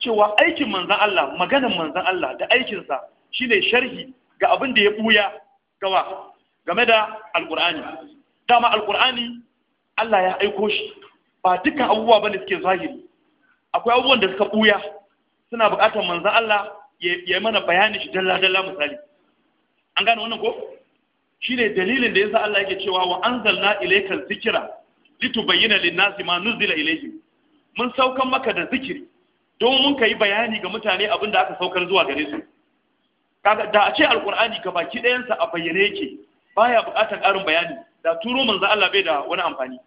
cewa aikin manzan Allah maganar manzan Allah da aikinsa shine sharhi ga abin da ya buya gawa game da alkur'ani dama alkur'ani Allah ya aiko shi ba dukkan abubuwa ba ne suke zahiri akwai abubuwan da suka buya suna buƙatar manzan Allah ya yi mana bayanin shi dalla dalla misali an gane wannan ko shine dalilin da yasa Allah yake cewa wa anzalna ilayka dhikra litubayyana lin-nasi ma nuzila ilayhim mun saukan maka da zikiri don mun kai bayani ga mutane abinda aka saukar zuwa gare su kaga da a ce alqur'ani ka baki ɗayansa sa a bayyane yake baya buƙatar ƙarin bayani da turo manzo Allah bai da wani amfani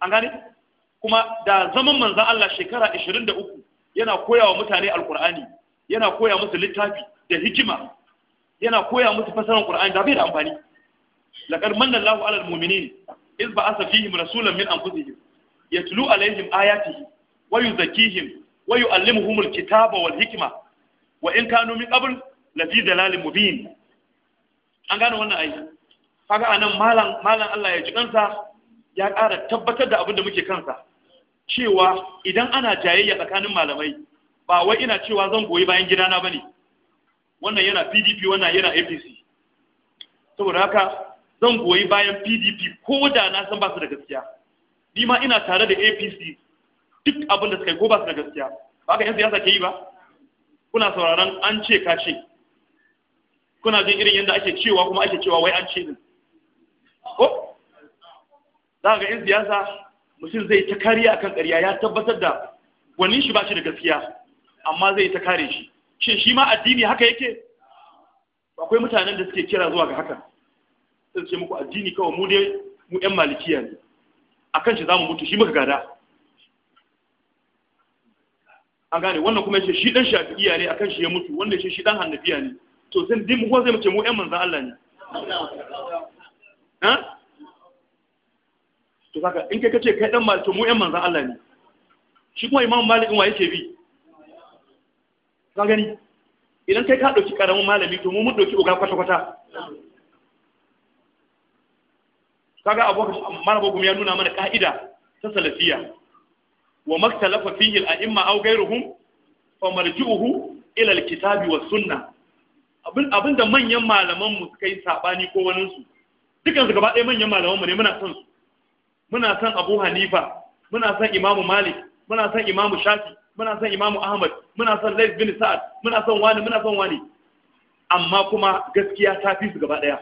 an gane kuma da zaman manzo Allah shekara 23 yana koyawa mutane Alkur'ani, yana koya musu littafi da hikima yana koya musu fassara'n Qur'ani da bai da amfani laqad manna Allahu 'alal mu'minin iz ba'atha fihim rasulan min anfusihim yatlu 'alayhim ayatihi wa yuzakkihim wa yu'allimuhum al-kitaba wal hikma wa in kanu min qabl la fi dalalin mubin an gane wannan ayi kaga anan malam malam Allah ya ji kansa ya ƙara tabbatar da abin da muke kansa cewa idan ana jayayya tsakanin malamai ba wai ina cewa zan goyi bayan gidana bane wannan yana pdp wannan yana apc saboda haka zan goyi bayan pdp ko da na san ba su da gaskiya ni ma ina tare da apc duk abin da suka yi ko ba su da gaskiya ba ka yan siyasa ke yi ba kuna sauraron an ce ka ce kuna jin irin yadda ake cewa kuma ake cewa wai an ce ne ko za ga yan siyasa mutum zai ta kariya akan ƙarya ya tabbatar da wani shi ba shi da gaskiya amma zai ta kare shi shin shi ma addini haka yake akwai mutanen da suke kira zuwa ga haka sai ce muku addini kawai mu dai mu yan malikiya ne akan shi zamu mutu shi muka gada an gane wannan kuma yace shi dan shafi'iya ne akan shi ya mutu wanda yace shi dan hannafiya ne to sai din mu ko sai mu ce mu yan manzon Allah ne ha to saka in kai kace kai dan maliki mu yan manzon Allah ne shi kuma imamu malikin wa yake bi ka gani idan kai ka ɗauki ƙaramin malami to mu mun ɗauki uga kwata-kwata kaga abokan malamin ya nuna mana ƙa'ida ta salafiya wa maktalafa fihi a aimma aw ghayruhum fa marji'uhu ila kitabi wa suna. abinda manyan malaman mu suka yi sabani ko wani su dukan su gaba ɗaya manyan malaman mu ne muna son Abu Hanifa muna son Imam Malik muna son Imam Shafi muna son imamu ahmad muna son laif bin sa'ad muna son wani muna son wani amma kuma gaskiya ta fi su gaba ɗaya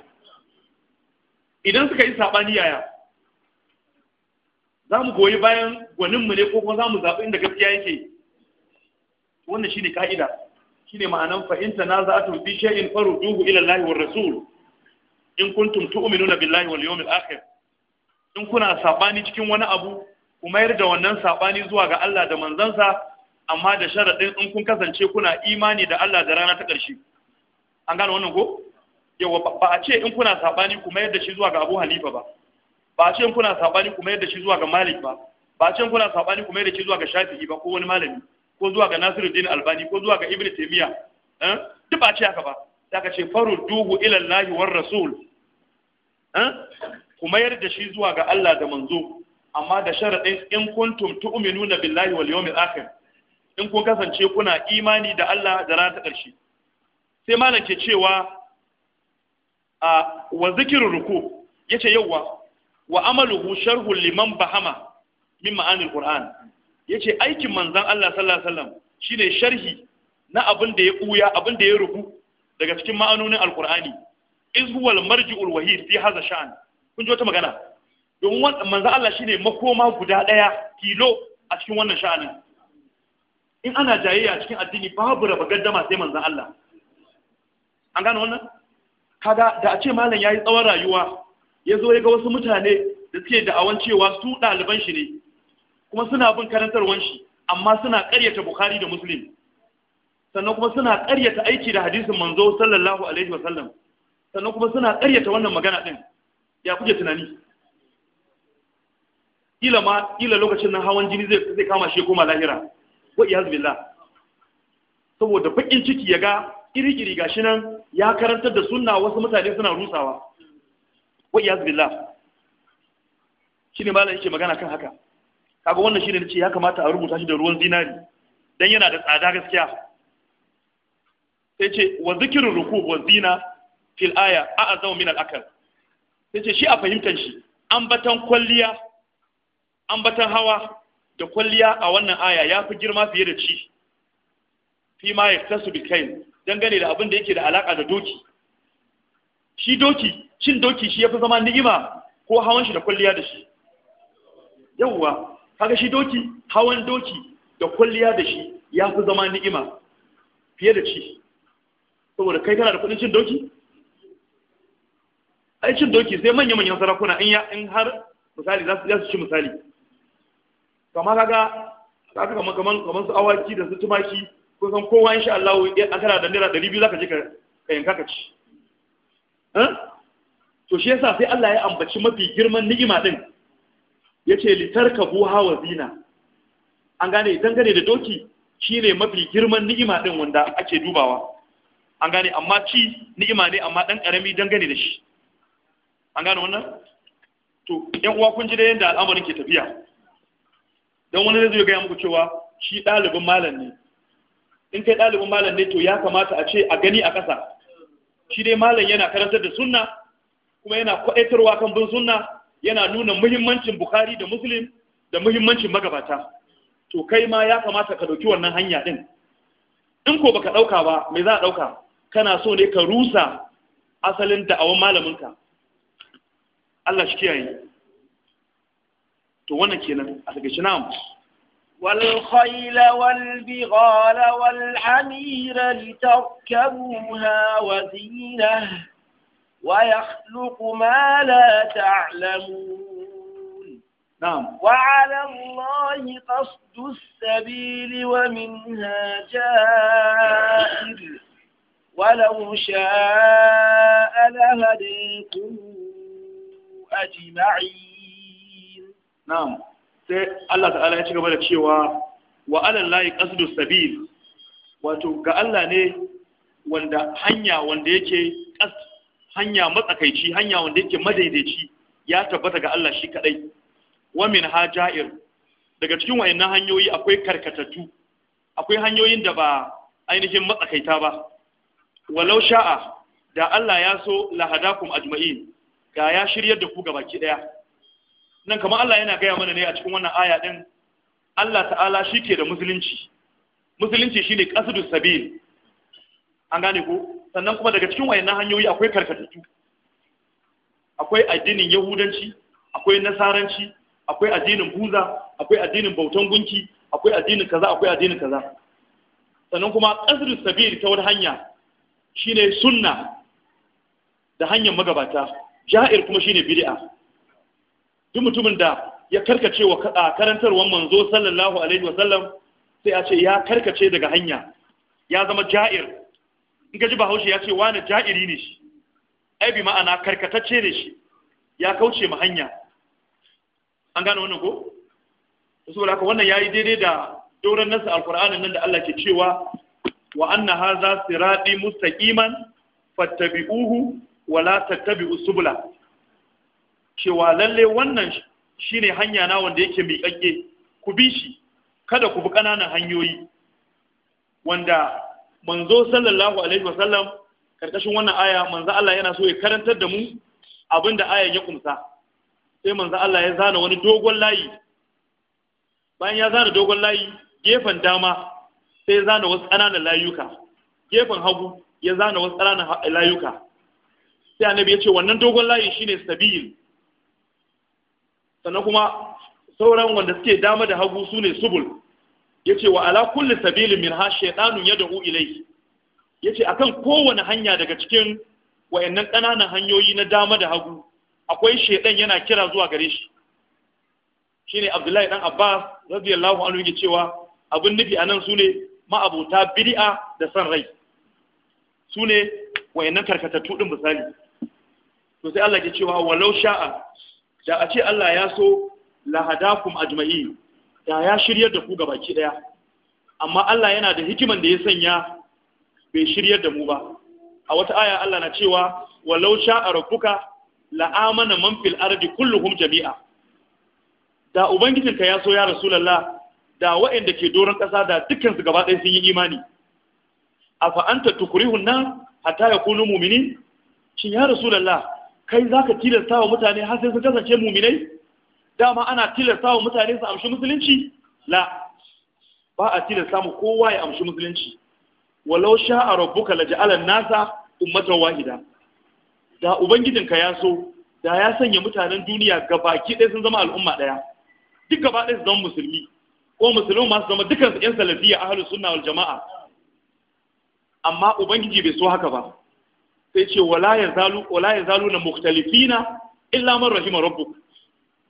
idan suka yi saɓani yaya za mu goyi bayan gwaninmu ne ko kuma za mu zaɓi inda gaskiya yake wannan shine ka'ida shine ma'anan fahimta na za ta fi shay'in faru duhu ila Allah wa rasul in kuntum tu'minuna billahi wal yawmil akhir in kuna saɓani cikin wani abu ku mayar da wannan saɓani zuwa ga Allah da manzansa amma da sharaɗin in kun kasance kuna imani da Allah da rana ta ƙarshe an gane wannan ko yawa ba a ce in kuna saɓani kuma yadda shi zuwa ga Abu halifa ba ba a ce in kuna saɓani kuma yadda shi zuwa ga Malik ba ba a ce in kuna saɓani kuma yadda shi zuwa ga Shafi'i ba ko wani malami ko zuwa ga Nasiruddin Albani ko zuwa ga Ibn Taymiyyah eh? duk ba a ce haka ba Ta ka ce faru duhu ila Allah war Rasul eh? kuma yadda shi zuwa ga Allah da manzo amma da sharaɗin in kuntum tu'minuna billahi wal yawmil akhir in kun kasance kuna imani da Allah da rana ta ƙarshe sai malam ke cewa a wa zikirin ruku yace yawa wa amaluhu sharhu liman bahama min ma'anil qur'an yace aikin manzon Allah sallallahu alaihi wasallam shine sharhi na abin da ya buya abin da ya rubu daga cikin ma'anonin alqur'ani iz huwal marji'ul wahid fi hadha sha'an kun ji wata magana domin manzon Allah shine makoma guda ɗaya kilo a cikin wannan sha'anin in ana jayayya cikin addini babu raba gaddama sai manzan Allah an gano wannan kaga da a ce malam yayi tsawon rayuwa ya zo ya ga wasu mutane da suke da'awan cewa su ɗaliban shi ne kuma suna bin karantarwan shi amma suna ƙaryata Bukhari da Muslim sannan kuma suna ƙaryata aiki da hadisin manzo sallallahu alaihi wasallam sannan kuma suna ƙaryata wannan magana ɗin, ya kuke tunani ila ma ila lokacin nan hawan jini zai zai kama shi koma lahira wa iyaz saboda bakin ciki ya ga iri-iri gashi nan ya karantar da sunna wasu mutane suna rusawa wa iyaz shine malam yake magana kan haka kaga wannan shine nace ya kamata a rubuta shi da ruwan zinari dan yana da tsada gaskiya sai ce wa zikirun ruku wa zina fil aya min al-akal sai ce shi a fahimtar shi ambatan kwalliya ambatan hawa da kwalliya a wannan aya ya fi girma fiye da ci fi ma ya tasu bi kai dangane da abin da yake da alaka da doki shi doki cin doki shi ya fi zama ni'ima ko hawan shi da kwalliya da shi yawwa kaga shi doki hawan doki da kwalliya da shi ya fi zama ni'ima fiye da ci saboda kai kana da kudin cin doki ai cin doki sai manya-manyan sarakuna in har misali za su ci misali kamar kaga kaga kaman kaman kaman su awaki da su tumaki ko san kowa insha Allah an tara da naira 200 zaka je ka yanka ka ci eh? to shi yasa sai Allah ya ambaci mafi girman ni'ima din yace litarkabu hawa zina an gane dangane da doki shine mafi girman ni'ima din wanda ake dubawa an gane amma ci ni'ima ne amma dan karami dangane da shi an gane wannan to yan uwa kun ji da yadda al'amarin ke tafiya don wani zai gaya muku cewa shi ɗalibin malam ne in kai ɗalibin malam ne to ya kamata a ce a gani a ƙasa shi dai malam yana karantar da sunna kuma yana kwaɗaitarwa kan bin sunna yana nuna muhimmancin bukhari da muslim da muhimmancin magabata to kai ma ya kamata ka ɗauki wannan hanya ɗin in ko baka ɗauka ba me za a ɗauka kana so ne ka rusa asalin da'awan malaminka Allah shi kiyaye to wannan kenan a والخيل والبغال والحمير لتركبوها وزينة ويخلق ما لا تعلمون نعم وعلى الله قصد السبيل ومنها جائر ولو شاء لهديكم أجمعين na'am sai Allah ta'ala ya ci gaba da cewa wa alal lahi qasdu sabil wato ga Allah ne wanda hanya wanda yake qas hanya matsakaici hanya wanda yake madaidaici ya tabbata ga Allah shi kadai wa min hajair daga cikin wayannan hanyoyi akwai karkatattu akwai hanyoyin da ba ainihin matsakaita ba walau sha'a da Allah ya so lahadakum ajma'in ga ya shiryar da ku gabaki daya nan kamar Allah yana gaya mana ne a cikin wannan aya din Allah ta'ala shi ke da musulunci musulunci shi ne qasdus sabil an gane ko sannan kuma daga cikin wayannan hanyoyi akwai karkatattu akwai addinin yahudanci akwai nasaranci akwai addinin buza akwai addinin bautan gunki akwai addinin kaza akwai addinin kaza sannan kuma qasdus sabil ta wata hanya shine sunna da hanyar magabata ja'ir kuma shine bid'a duk mutumin da ya karkace wa karantarwar manzo sallallahu alaihi wasallam sai a ce ya karkace daga hanya ya zama ja'ir in ka ji bahaushe ya ce wani ja'iri ne shi ai bi ma'ana karkatacce ne shi ya kauce ma hanya an gane wannan ko saboda haka wannan yayi daidai da dauran nasu alqur'anin nan da Allah ke cewa wa anna hadha sirati mustaqiman fattabi'uhu wa la tattabi'us subula cewa lalle wannan shi ne hanya na wanda yake miƙaƙƙe ku bi shi kada ku bi ƙananan hanyoyi wanda manzo sallallahu alaihi wasallam karkashin wannan aya manzo Allah yana so ya karantar da mu abinda aya ya kumsa sai manzo Allah ya zana wani dogon layi bayan ya zana dogon layi gefen dama sai ya zana wasu ƙananan layuka gefen hagu ya zana wasu ƙananan layuka sai annabi ya ce wannan dogon layi shine sabil sannan kuma sauran wanda suke dama da hagu su ne subul ya ce wa ala kulli sabilin min ha shaidanun ya da'u ilai ya ce a kan kowane hanya daga cikin wayannan ƙananan hanyoyi na dama da hagu akwai shaidan yana kira zuwa gare shi shi ne abdullahi dan abbas radiyallahu anhu yake cewa abun nufi a nan su ne ma'abota bid'a da san rai su ne wayannan karkatattu din misali to sai Allah ke cewa walau sha'a da a ce Allah ya so lahadakum ajma'i da ya shiryar da ku gabaki daya amma Allah yana da hikiman da ya sanya bai shiryar da mu ba a wata aya Allah na cewa walau sha'a rabbuka la'amana man fil ardi kulluhum jami'a da ubangijin ka ya so ya rasulullah da waɗanda ke doron ƙasa da dukkan su gabaɗaya sun yi imani afa anta tukrihun nas hatta yakunu mu'minin shin ya rasulullah kai za ka tilasta wa mutane har sai sun kasance muminai dama ana tilasta wa mutane su amshi musulunci la ba a tilasta mu kowa ya amshi musulunci walau sha'a rabbuka laja'alan nasa ummatan wahida da ka ya so da ya sanya mutanen duniya gabaki ɗaya sun zama al'umma ɗaya duk gaba ɗaya su zama musulmi ko musulmi masu zama dukkan su ƴan salafiyya ahlus sunna wal jama'a amma ubangiji bai so haka ba sai ce wala ya zalu na mukhtalifina illa man rahima rabbuk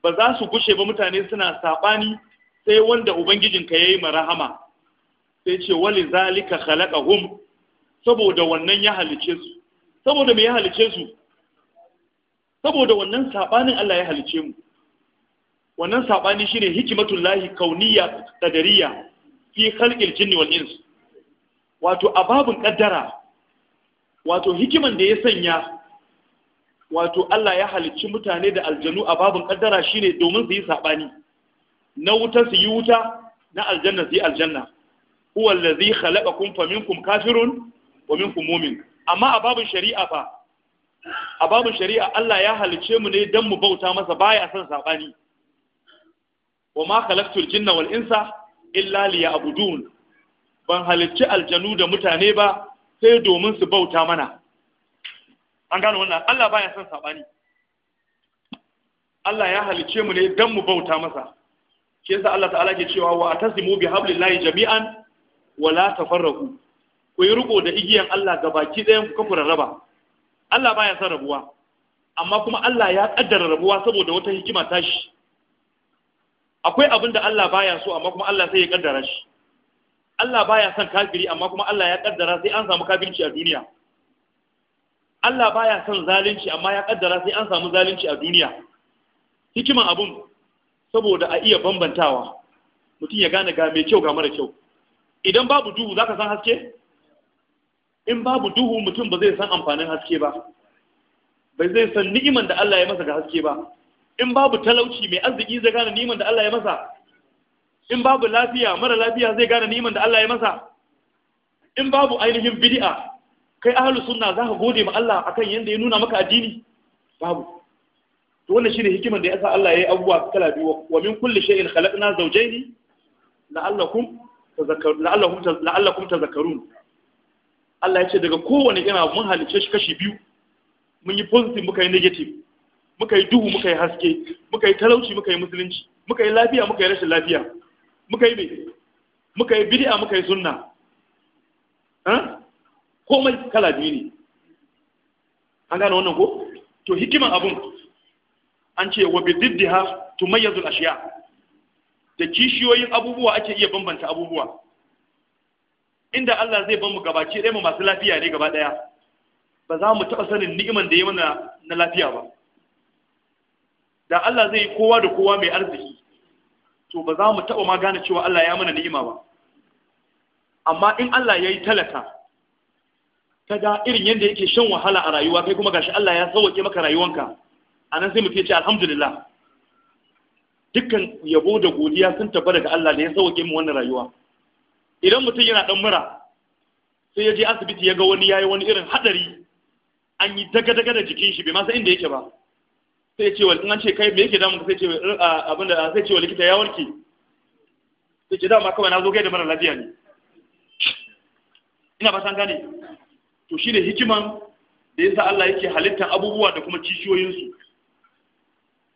ba za su gushe ba mutane suna sabani sai wanda ubangijinka yayi marahama sai ce wali zalika khalaqahum saboda wannan ya halice su saboda me ya halice su saboda wannan sabanin Allah ya halice mu wannan sabani shine hikmatullahi kauniyya qadariyya fi khalqil jinni wal ins wato ababun qaddara wato hikiman da ya sanya wato Allah ya halicci mutane da aljanu a babin kaddara shine domin su yi sabani na wuta su yi wuta na aljanna su yi aljanna huwa allazi khalaqakum faminkum kafirun wa minkum mu'min amma a babin shari'a fa a babin shari'a Allah ya halicce mu ne dan mu bauta masa baya son sabani wa ma khalaqtul jinna wal insa illa liya'budun ban halicci aljanu da mutane ba sai domin su bauta mana an gano wannan Allah baya son sabani Allah ya halice mu ne dan mu bauta masa shi yasa Allah ta'ala ke cewa wa atasimu bi hablillahi jami'an wa la tafarraqu ku yi riko da igiyan Allah ga baki ɗayan ku kafa raba Allah baya son rabuwa amma kuma Allah ya kaddara rabuwa saboda wata hikima tashi. akwai abinda da Allah baya so amma kuma Allah sai ya kaddara shi Allah baya son kafiri amma kuma Allah ya kaddara sai an samu kafirci a duniya Allah baya son zalunci amma ya kaddara sai an samu zalunci a duniya hikiman abun saboda a iya bambantawa mutum ya gane ga mai kyau ga mara kyau idan babu duhu zaka san haske in babu duhu mutum ba zai san amfanin haske ba bai zai san ni'iman da Allah ya masa ga haske ba in babu talauci mai arziki zai gane ni'iman da Allah ya masa in babu lafiya mara lafiya zai gane niman da Allah ya masa in babu ainihin bid'a kai ahlu sunna za ka gode ma Allah akan yanda ya nuna maka addini babu to wannan shine hikimar da yasa Allah ya yi abubuwa kala biyu wa min kulli shay'in khalaqna zawjayni la'allakum tazakkarun la'allakum la'allakum tazakkarun Allah ya ce daga kowane ina mun halice shi kashi biyu mun yi positive muka yi negative muka yi duhu muka yi haske muka yi talauci muka yi musulunci muka yi lafiya muka yi rashin lafiya muka yi muka yi bid'a muka yi sunna komai kala biyu ne an gane wannan ko to hikiman abun an ce wa bi diddiha tumayyazu al-ashiya da kishiyoyin abubuwa ake iya bambanta abubuwa inda Allah zai bamu gabaci dai mu masu lafiya ne gaba ɗaya ba za mu taɓa sanin ni'iman da ya mana na lafiya ba da Allah zai kowa da kowa mai arziki to ba za mu taɓa ma gane cewa Allah ya mana ni'ima ba amma in Allah ya yi talaka ka ga irin yadda yake shan wahala a rayuwa kai kuma gashi Allah ya sauwake maka rayuwanka a nan sai mu ya ce alhamdulillah dukkan yabo da godiya sun tafi daga Allah da ya sauwake mu wannan rayuwa idan mutum yana dan mura sai ya je asibiti ya ga wani yayi wani irin hadari an yi daga daga da jikin shi bai ma san inda yake ba sai ce wa in an ce kai me yake damun ka sai ce eh, abin da sai ce wa likita ya warke sai ce dama kawai na zo gaida mara lafiya ne ina ba san gane to shine hikiman da yasa Allah yake halittar abubuwa da kuma kishiyoyinsu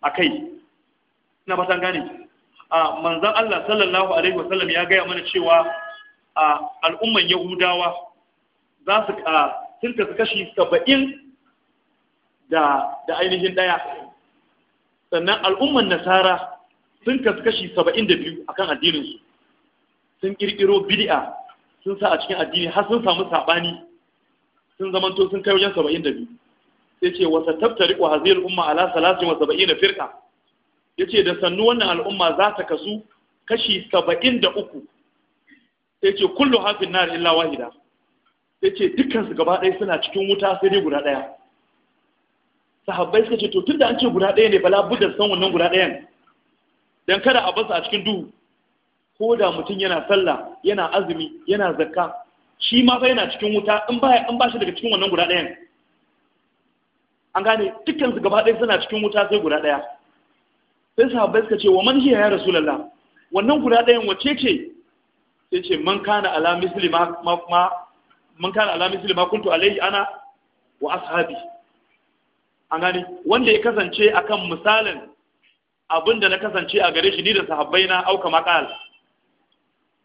a kai ina ba san gane a manzon Allah sallallahu alaihi wasallam ya gaya mana cewa a al'umman Yahudawa za su ka sun kashi saba'in da ainihin ɗaya sannan al'umman nasara sun kasu kashi saba'in da biyu a kan addininsu sun ƙirƙiro bidi'a, sun sa a cikin addini har sun samu saɓani sun zamanto sun kai wajen saba'in da biyu sai ce wasa tabtari wa hazi al’umma ala salasi wa saba'in da firka ya ce da sannu wannan al'umma za ta kasu kashi saba'in da uku sai ce kullum hafin nar illa wahida sai ce dukkansu gaba ɗaya suna cikin wuta sai dai guda ɗaya sahabbai suka ce to tun da an ce guda ɗaya ne bala budda san wannan guda ɗayan Don kada a basu a cikin duhu ko da mutum yana sallah yana azumi yana zakka shi ma fa yana cikin wuta in ba in ba shi daga cikin wannan guda ɗayan an gane dukkan su gaba ɗaya suna cikin wuta sai guda ɗaya sai sahabbai suka ce wa man hiya ya rasulullah wannan guda ɗayan wace ce sai ce man kana ala misli ma ma man kana ala misli ma kuntu alaihi ana wa ashabi an gani wanda ya kasance akan misalin abin da na kasance a gare shi ni da sahabbai na auka maƙal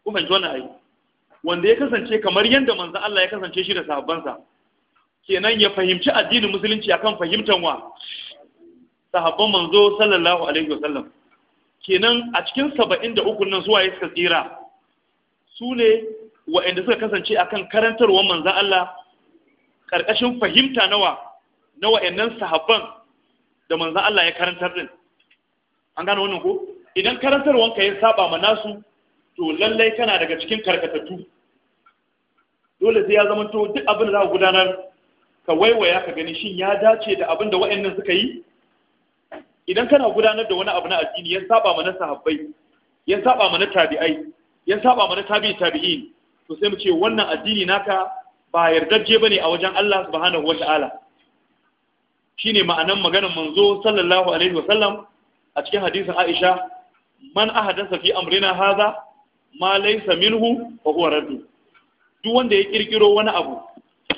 kuma ji wani ai wanda ya kasance kamar yadda manzo Allah ya kasance shi da sahabbansa kenan ya fahimci addinin musulunci akan fahimtan wa sahabban manzo sallallahu alaihi wasallam kenan a cikin 73 nan suwaye suka tsira su ne wa'anda suka kasance akan karantarwar manzo Allah karkashin fahimta nawa na wa'annan sahabban da manzan Allah ya karantar din an gano wannan ko idan karantarwanka ya saba ma nasu to lallai kana daga cikin karkatattu dole sai ya zama to duk abin da za ka gudanar ka waiwaya ka gani shin ya dace da abin da wa'annan suka yi idan kana gudanar da wani abu na addini ya saba na sahabbai ya saba na tabi'ai ya saba na tabi'i tabi'in to sai mu ce wannan addini naka ba yardajje bane a wajen Allah subhanahu wata'ala shine ma'anan maganar manzo sallallahu alaihi sallam. a cikin hadisin Aisha man ahadatha fi amrina haza ma laysa minhu wa huwa raddu duk wanda ya kirkiro wani abu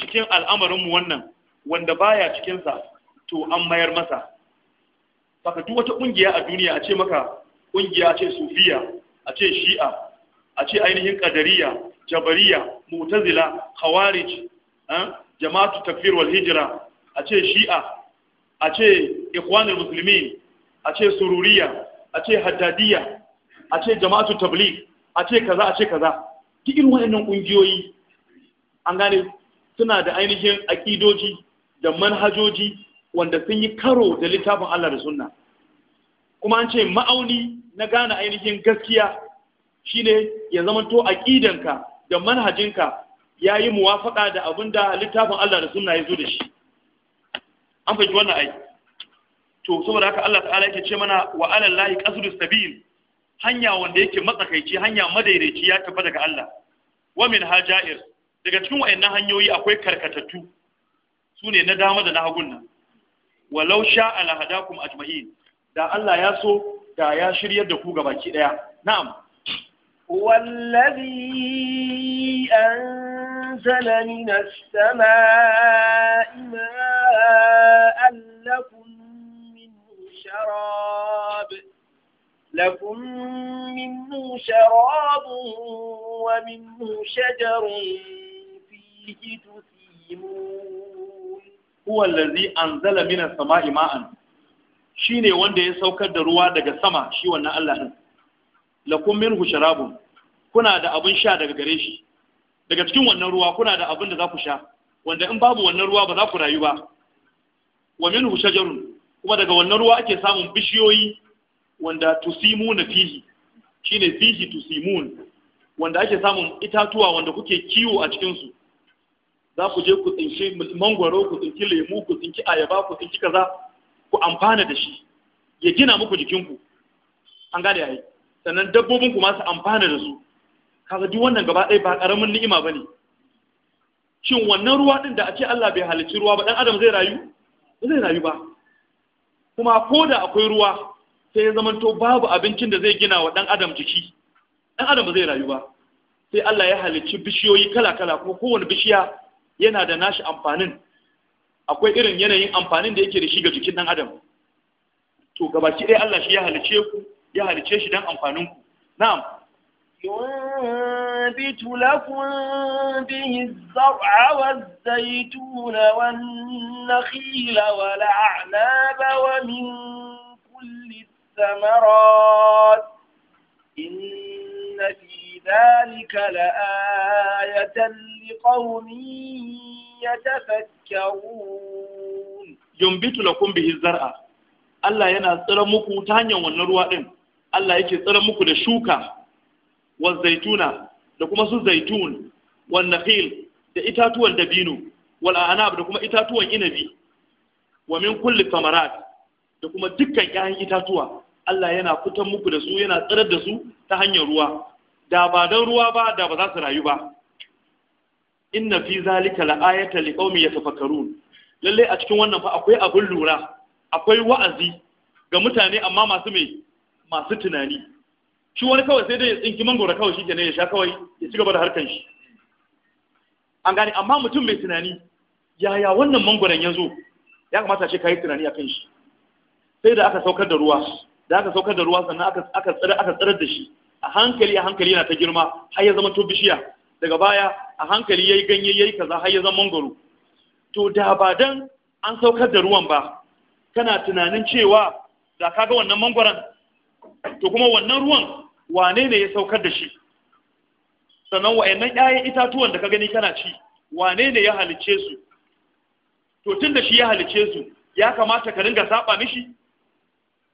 cikin al'amarin mu wannan wanda baya cikin sa to an mayar masa saka duk wata kungiya a duniya a ce maka kungiya ce sufiya a ce shi'a a ce ainihin qadariya jabariya mu'tazila khawarij eh, jama'atu takfir wal hijra a ce shi'a a ce ikhwanul musulmin, a ce sururiya a ce haddadiya a ce jama'atu tabligh a ce kaza a ce kaza duk irin waɗannan ƙungiyoyi an gane suna da ainihin aƙidoji da manhajoji wanda sun yi karo da littafin Allah da sunna kuma an ce ma'auni na gane ainihin gaskiya shine ya zama to aƙidanka da manhajinka yayi yi muwafaƙa da abinda littafin Allah da sunna ya zo da shi an fahimci wannan ai to saboda haka Allah ta'ala yake ce mana wa ala lahi qasdu sabil hanya wanda yake matsakaici hanya madaidaici ya tafi daga Allah wa min hajair daga cikin wayannan hanyoyi akwai karkatattu sune na dama da na hagun nan walau sha ala hadakum ajma'in da Allah ya so da ya shiryar da ku gabaki daya na'am هو الذي أنزل من السماء ماء لكم منه شراب لكم منه شراب ومنه شجر فيه تسيمون هو الذي أنزل من السماء ماء شيني وانده يسوكر دروا دقى سما شي وانا الله lakum minhu sharabun kuna da abin sha daga gare shi daga cikin wannan ruwa kuna da abin da za ku sha wanda in babu wannan ruwa ba za ku rayu ba wa minhu shajarun kuma daga wannan ruwa ake samun bishiyoyi wanda tusimuna fihi shine fihi tusimun wanda ake samun itatuwa wanda kuke kiwo a cikin su za ku je ku tsinci mangwaro ku tsinci lemu ku tsinci ayaba ku tsinci kaza ku amfana da shi ya gina muku jikinku an gane yayi sannan dabbobin kuma masu amfana da su kaga duk wannan gaba ɗaya ba ƙaramin ni'ima bane shin wannan ruwa din da a ce Allah bai halicci ruwa ba ɗan adam zai rayu ba zai rayu ba kuma ko da akwai ruwa sai ya zamanto babu abincin da zai gina wa ɗan adam jiki ɗan adam ba zai rayu ba sai Allah ya halicci bishiyoyi kala-kala ko kowane bishiya yana da nashi amfanin akwai irin yanayin amfanin da yake da shi ga jikin dan adam to gabaki ɗaya Allah shi ya halicce ku ya halice shi don amfaninku. Na’am. Yunbitu lakun bihi zar'a waz-zaytuna wan-nakhila wal-a'naba wa min kulli thamarat inna fi dhalika la'ayatan liqaumin yatafakkarun Yunbitu lakun bihi zar'a Allah yana tsira muku ta hanyar wannan ruwa ɗin. Allah yake tsara muku da shuka wa zaituna da kuma su zaitun wa nakhil da itatuwan dabino wal anab da kuma itatuwan inabi wa min kulli thamarat da kuma dukkan ƴaƴan itatuwa Allah yana kutan muku da su yana tsirar da su ta hanyar ruwa da ba don ruwa ba da ba za su rayu ba inna fi zalika la'ayata liqaumi yatafakkarun lalle a cikin wannan fa akwai abin lura akwai wa'azi ga mutane amma masu mai masu tunani shi wani kawai sai dai ya tsinki mangoro kawai shi ne ya sha kawai ya ci gaba da harkar shi an gane amma mutum mai tunani yaya wannan mangoron ya zo ya kamata ce ka yi tunani a kan shi sai da aka saukar da ruwa da aka saukar da ruwa sannan aka tsirar da shi a hankali a hankali yana ta girma har ya zama to bishiya daga baya a hankali yayi ganye yayi kaza har ya zama mangwaro. to da ba dan an saukar da ruwan ba kana tunanin cewa da kaga wannan mangwaran to kuma wannan ruwan wane ne ya saukar da shi sannan wa'annan ƴaƴan itatuwan da ka gani kana ci wane ne ya halice su to tun da shi ya halice su ya kamata ka ringa saba mishi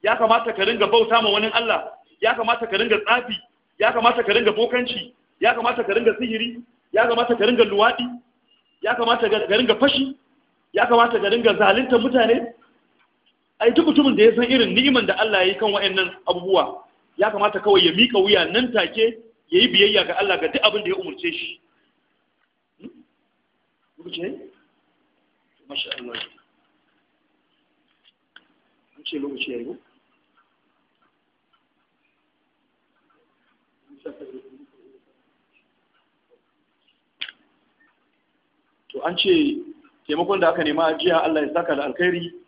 ya kamata ka ringa bauta ma wani Allah ya kamata ka ringa tsafi ya kamata ka ringa bokanci ya kamata ka ringa sihiri ya kamata ka ringa luwadi ya kamata ka ringa fashi ya kamata ka ringa zalunta mutane ai duk mutumin da ya san irin ni'iman da Allah ya yi kan wa'annan abubuwa ya kamata kawai ya mika wuya nan take ya yi biyayya ga Allah ga duk abin da ya umarce shi hmm? to an ce taimakon da aka nema jiya Allah ya saka da alkhairi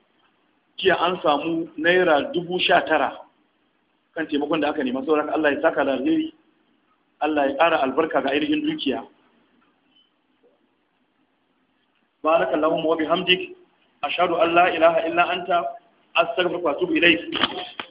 jiya an samu naira dubu sha tara kan taimakon da aka nema sauran Allah ya saka da alheri Allah ya ƙara albarka ga ainihin dukiya baraka Allahumma wa bihamdik ashhadu an la ilaha illa anta astaghfiruka wa